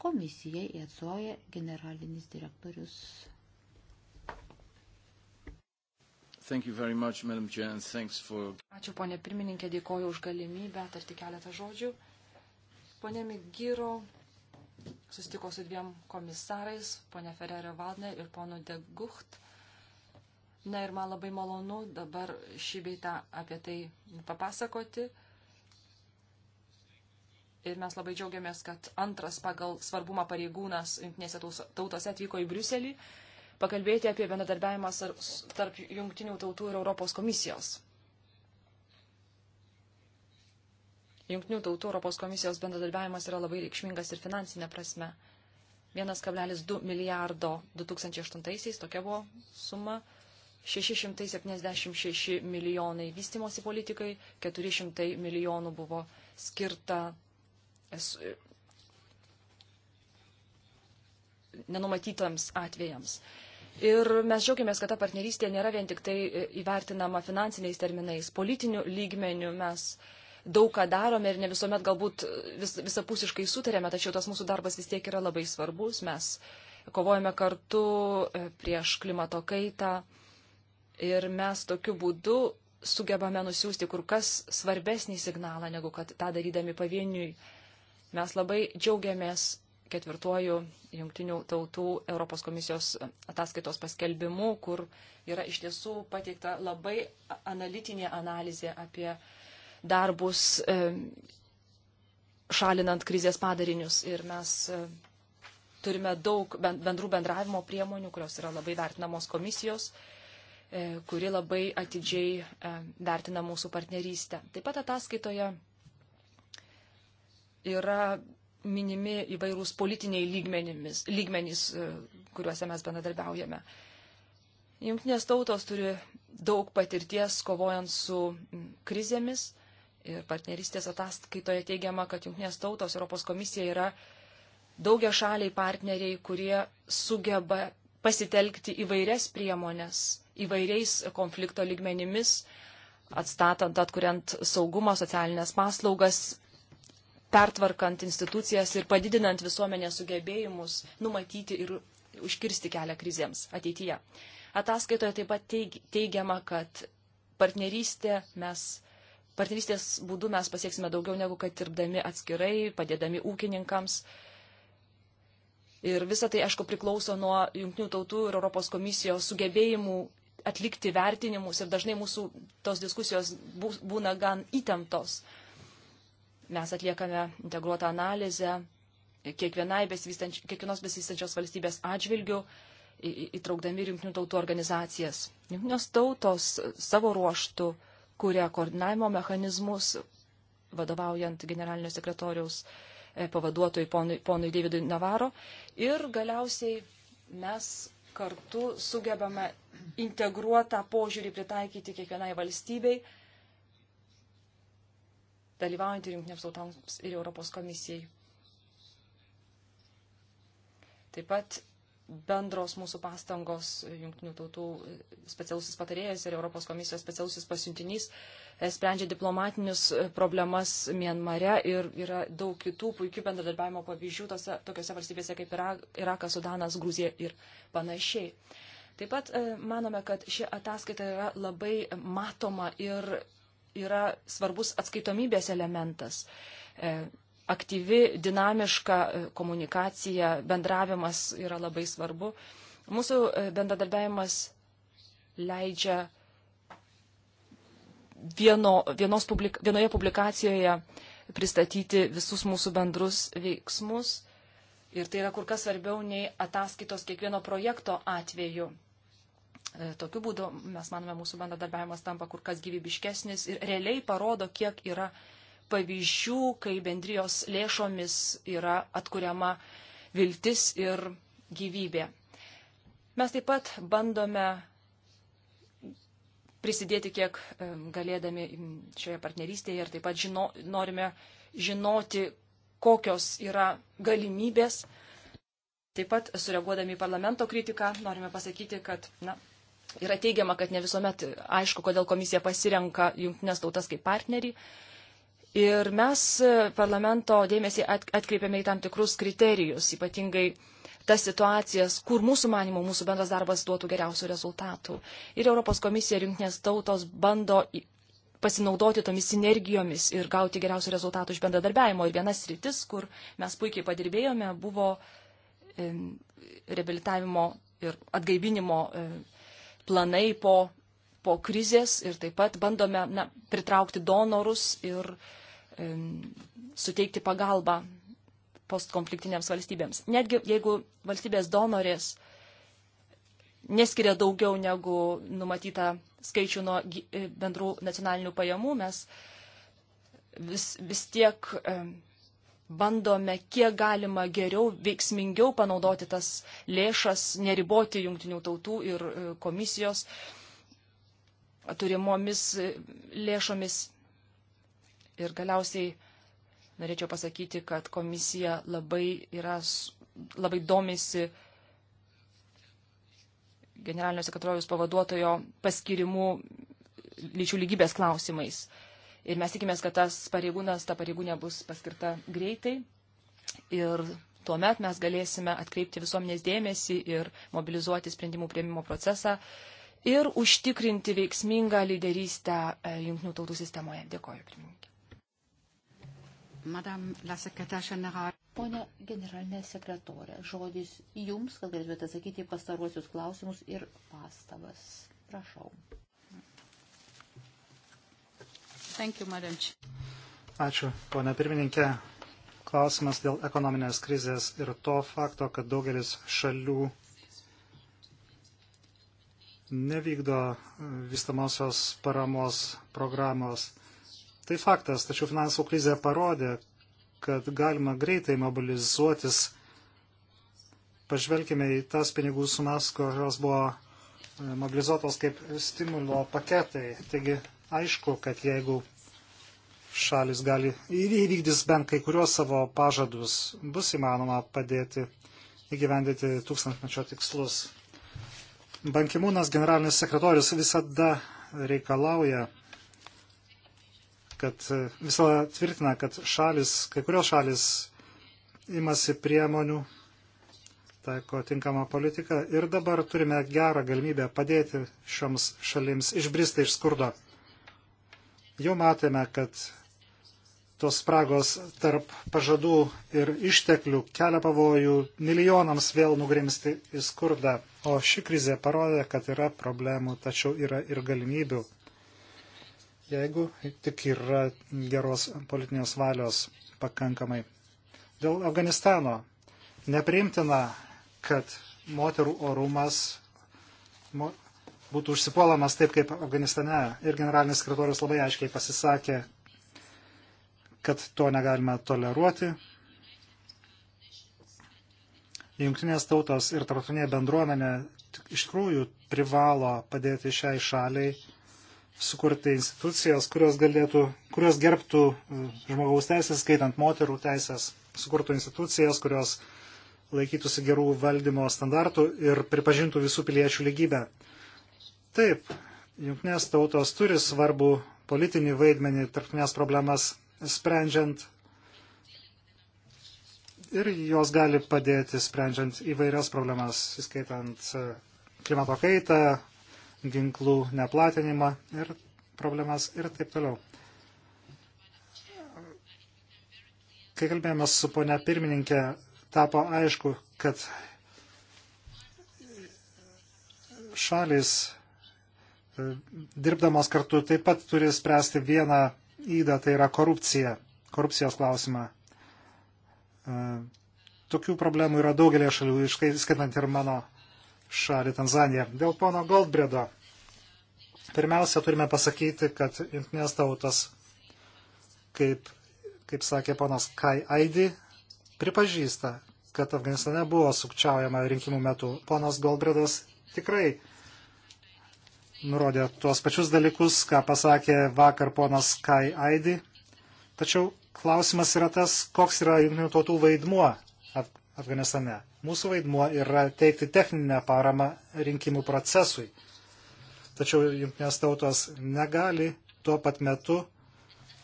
komisijai ir atsoja generalinis direktorius Much, for... Ačiū, ponė pirmininkė, dėkoju už galimybę tarti keletą žodžių. Ponė Migiro susitiko su dviem komisarais, ponė Ferrerio Vadne ir pono Degucht. Na ir man labai malonu dabar šį beitą apie tai papasakoti. Ir mes labai džiaugiamės, kad antras pagal svarbumą pareigūnas jungtinėse tautose atvyko į Briuselį. Uh, pakalbėti apie bendradarbiavimą tarp Junktinių tautų ir Europos komisijos. Junktinių tautų Europos komisijos bendradarbiavimas yra labai reikšmingas ir finansinė prasme. 1,2 milijardo 2008-aisiais tokia buvo suma, 676 milijonai vystimosi politikai, 400 milijonų buvo skirta nenumatytams atvejams. Ir mes džiaugiamės, kad ta partnerystė nėra vien tik tai e, įvertinama finansiniais terminais, politiniu lygmeniu mes daug ką darome ir ne visuomet galbūt e, vis, visapusiškai sutarėme, tačiau tas mūsų darbas vis tiek yra labai svarbus. Mes kovojame kartu e, prieš klimato kaitą ir mes tokiu būdu sugebame nusiųsti kur kas svarbesnį signalą, negu kad tą darydami pavieniui. Mes labai džiaugiamės ketvirtuoju Junktinių tautų Europos komisijos ataskaitos paskelbimu, kur yra iš tiesų pateikta labai analitinė analizė apie darbus e, šalinant krizės padarinius. Ir mes e, turime daug bendrų bendravimo priemonių, kurios yra labai vertinamos komisijos e, kuri labai atidžiai vertina mūsų partnerystę. Taip pat ataskaitoje yra minimi įvairūs politiniai lygmenys, e, kuriuose mes bendradarbiaujame. Junktinės tautos turi daug patirties kovojant su krizėmis ir partnerystės ataskaitoje teigiama, kad Junktinės tautos Europos komisija yra daugia šaliai partneriai, kurie sugeba pasitelkti įvairias priemonės, įvairiais konflikto lygmenimis, atstatant, atkuriant saugumą, socialinės paslaugas, pertvarkant institucijas ir padidinant visuomenės sugebėjimus numatyti ir užkirsti kelią krizėms ateityje. Ataskaitoje taip pat teigiama, kad partnerystė mes. Partnerystės būdu mes pasieksime daugiau negu kad dirbdami atskirai, padėdami ūkininkams. Ir visa tai, aišku, priklauso nuo Junktinių tautų ir Europos komisijos sugebėjimų atlikti vertinimus ir dažnai mūsų tos diskusijos būna gan įtemptos. Mes atliekame integruotą analizę besivystanč... kiekvienos besivystančios valstybės atžvilgių, įtraukdami rinktinių tautų organizacijas. Rinktinės tautos savo ruoštų kuria koordinavimo mechanizmus, vadovaujant generalinio sekretoriaus e, pavaduotojui ponui, ponui Davidui Navaro. Ir galiausiai mes kartu sugebame integruotą požiūrį pritaikyti kiekvienai valstybei, dalyvaujant ir jungtinėms tautoms ir Europos komisijai. Taip pat bendros mūsų pastangos, jungtinių tautų e, specialusis patarėjas ir Europos komisijos specialusis pasiuntinys e, sprendžia diplomatinius e, problemas Mienmare ir yra daug kitų puikių bendradarbiavimo pavyzdžių tose, tokiose valstybėse kaip Irakas, Sudanas, Gruzija ir panašiai. Taip pat manome, kad ši ataskaita yra labai matoma ir yra svarbus atskaitomybės elementas. E, aktyvi, dinamiška e, komunikacija, bendravimas yra labai svarbu. Mūsų e, bendradarbiavimas leidžia vieno, vienos publik, vienoje publikacijoje pristatyti visus mūsų bendrus veiksmus. Ir tai yra kur kas svarbiau nei ataskaitos kiekvieno projekto atveju. E, tokiu būdu, mes manome, mūsų bendradarbiavimas tampa kur kas gyvybiškesnis ir realiai parodo, kiek yra pavyzdžių, kai bendrijos lėšomis yra atkuriama viltis ir gyvybė. Mes taip pat bandome prisidėti kiek e, galėdami šioje partnerystėje ir taip pat žino, norime žinoti, kokios yra galimybės. Taip pat sureaguodami į parlamento kritiką norime pasakyti, kad na, Yra teigiama, kad ne visuomet aišku, kodėl komisija pasirenka jungtinės tautas kaip partnerį. Ir mes e, parlamento dėmesį atkreipiame į tam tikrus kriterijus, ypatingai tas situacijas, kur mūsų manimo mūsų bendras darbas duotų geriausių rezultatų. Ir Europos komisija ir jungtinės tautos bando pasinaudoti tomis sinergijomis ir gauti geriausių rezultatų iš bendradarbiavimo. Ir vienas rytis, kur mes puikiai padirbėjome, buvo reabilitavimo ir atgaivinimo planai po, po krizės ir taip pat bandome na, pritraukti donorus ir e, suteikti pagalbą postkonfliktinėms valstybėms. Netgi jeigu valstybės donorės neskiria daugiau negu numatyta skaičių nuo e, bendrų nacionalinių pajamų, mes vis, vis tiek e, bandome kiek galima geriau, veiksmingiau panaudoti tas lėšas, neriboti jungtinių tautų ir e, komisijos turimomis e, lėšomis. Ir galiausiai norėčiau pasakyti, kad komisija labai, yra, labai domisi generalinio sekretoriaus pavaduotojo paskirimu lyčių lygybės klausimais. Ir mes tikimės, kad tas pareigūnas, ta pareigūnė bus paskirta greitai. Ir tuomet mes galėsime atkreipti visuomenės dėmesį ir mobilizuoti sprendimų prieimimo procesą ir užtikrinti veiksmingą lyderystę e, Junktinių tautų sistemoje. Dėkoju, pirmininkė. Pone generalinė sekretorė, žodis jums, kad galėtumėte atsakyti pastaruosius klausimus ir pastabas. Prašau. Thank you, Madam Ačiū, ponia pirmininkė. Klausimas dėl ekonominės krizės ir to fakto, kad daugelis šalių nevykdo vystamosios paramos programos. Tai faktas, tačiau finansų krizė parodė, kad galima greitai mobilizuotis. Pažvelkime į tas pinigų sumas, kurios buvo mobilizuotos kaip stimulo paketai. Taigi aišku, kad jeigu šalis gali įvykdys bent kai kuriuos savo pažadus, bus įmanoma padėti įgyvendyti tūkstantmečio tikslus. Bankimūnas generalinis sekretorius visada reikalauja, kad visada tvirtina, kad šalis, kai kurios šalis imasi priemonių, taiko tinkamą politiką ir dabar turime gerą galimybę padėti šioms šalims išbristi iš skurdo. Jau matėme, kad tos spragos tarp pažadų ir išteklių kelia pavojų milijonams vėl nugrimsti į skurdą. O ši krizė parodė, kad yra problemų, tačiau yra ir galimybių, jeigu tik yra geros politinės valios pakankamai. Dėl Afganistano nepriimtina, kad moterų orumas būtų užsipuolamas taip, kaip Afganistane. Ir generalinis sekretorius labai aiškiai pasisakė, kad to negalima toleruoti. Jungtinės tautos ir tarptautinė bendruomenė iš tikrųjų privalo padėti šiai šaliai sukurti institucijas, kurios, galėtų, kurios gerbtų e, žmogaus teisės, skaitant moterų teisės, sukurtų institucijas, kurios laikytųsi gerų valdymo standartų ir pripažintų visų piliečių lygybę. Taip, jungtinės tautos turi svarbu politinį vaidmenį tarptautinės problemas sprendžiant ir jos gali padėti sprendžiant įvairias problemas, įskaitant e, klimato kaitą, ginklų neplatinimą ir problemas ir taip toliau. Kai kalbėjome su ponia pirmininkė, tapo aišku, kad šalis dirbdamos kartu taip pat turi spręsti vieną įdą, tai yra korupcija, korupcijos klausimą. E, tokių problemų yra daugelė šalių, išskaitant ir mano šalį Tanzaniją. Dėl pono Goldbredo. Pirmiausia, turime pasakyti, kad jungtinės tautos, kaip, kaip sakė ponas Kai Aidi, pripažįsta, kad Afganistane buvo sukčiaujama rinkimų metu. Ponas Goldbredas tikrai nurodė tuos pačius dalykus, ką pasakė vakar ponas Kai Aidi. Tačiau klausimas yra tas, koks yra jungtinių tautų vaidmuo Af Afganistane. Mūsų vaidmuo yra teikti techninę paramą rinkimų procesui. Tačiau jungtinės tautos negali tuo pat metu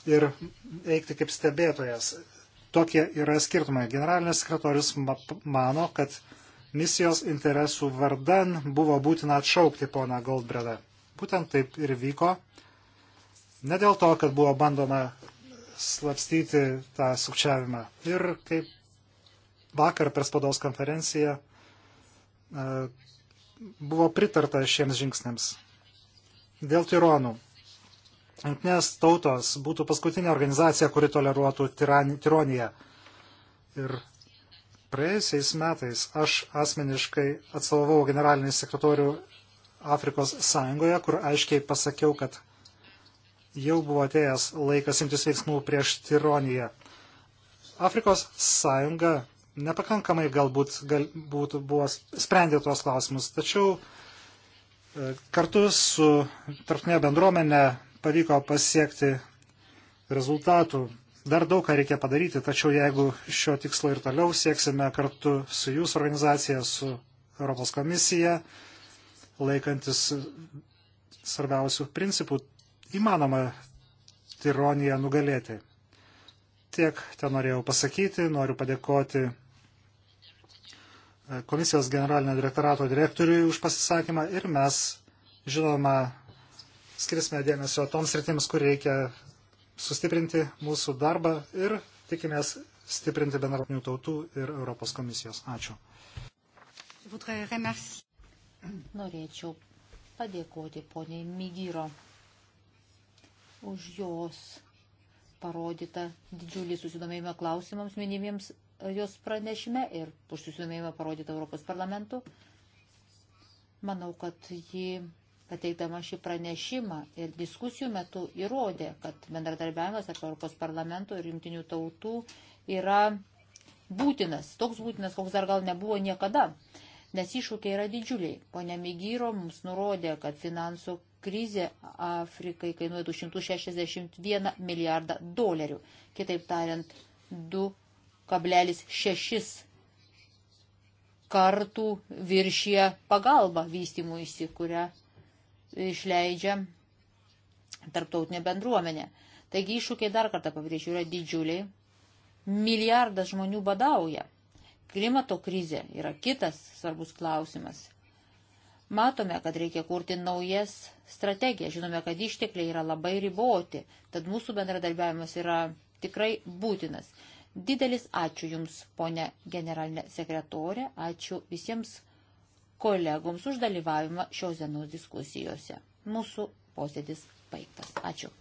ir eikti kaip stebėtojas. Tokie yra skirtumai. Generalinis sekretorius mano, kad misijos interesų vardan buvo būtina atšaukti poną Goldbredą. Būtent taip ir vyko. Ne dėl to, kad buvo bandoma slapstyti tą sukčiavimą. Ir kaip vakar per spados konferenciją e, buvo pritarta šiems žingsniams. Dėl tironų. Jungtinės tautos būtų paskutinė organizacija, kuri toleruotų tironiją. Ir Praėjusiais metais aš asmeniškai atstovavau generalinį sekretorių Afrikos sąjungoje, kur aiškiai pasakiau, kad jau buvo atėjęs laikas imtis veiksmų prieš tironiją. Afrikos sąjunga nepakankamai galbūt gal, būtų, buvo sprendė tuos klausimus, tačiau e, kartu su tarptinė bendruomenė pavyko pasiekti rezultatų. Dar daug ką reikia padaryti, tačiau jeigu šio tikslo ir toliau sieksime kartu su jūsų organizacija, su Europos komisija, laikantis svarbiausių principų, įmanoma tironiją nugalėti. Tiek ten norėjau pasakyti, noriu padėkoti e, komisijos generalinio direktorato direktoriui už pasisakymą ir mes, žinoma, skirsime dėmesio toms rytims, kur reikia sustiprinti mūsų darbą ir tikimės stiprinti bendratinių tautų ir Europos komisijos. Ačiū. Norėčiau padėkoti poniai Migiro už jos parodytą didžiulį susidomėjimą klausimams minimiems jos pranešime ir už susidomėjimą parodytą Europos parlamentu. Manau, kad ji pateikdama šį pranešimą ir diskusijų metu įrodė, kad bendradarbiavimas tarp Europos parlamento ir jungtinių tautų yra būtinas, toks būtinas, koks dar gal nebuvo niekada, nes iššūkiai yra didžiuliai. Pone Migyro mums nurodė, kad finansų krizė Afrikai kainuoja 261 milijardą dolerių, kitaip tariant, 2,6 kartų viršė pagalba vystimuisi, kurią išleidžia tarptautinė bendruomenė. Taigi iššūkiai dar kartą pabrėžiu yra didžiuliai. Milijardas žmonių badauja. Klimato krizė yra kitas svarbus klausimas. Matome, kad reikia kurti naujas strategijas. Žinome, kad ištekliai yra labai riboti. Tad mūsų bendradarbiavimas yra tikrai būtinas. Didelis ačiū Jums, ponė generalinė sekretorė. Ačiū visiems kolegoms už dalyvavimą šios dienos diskusijose. Mūsų posėdis baigtas. Ačiū.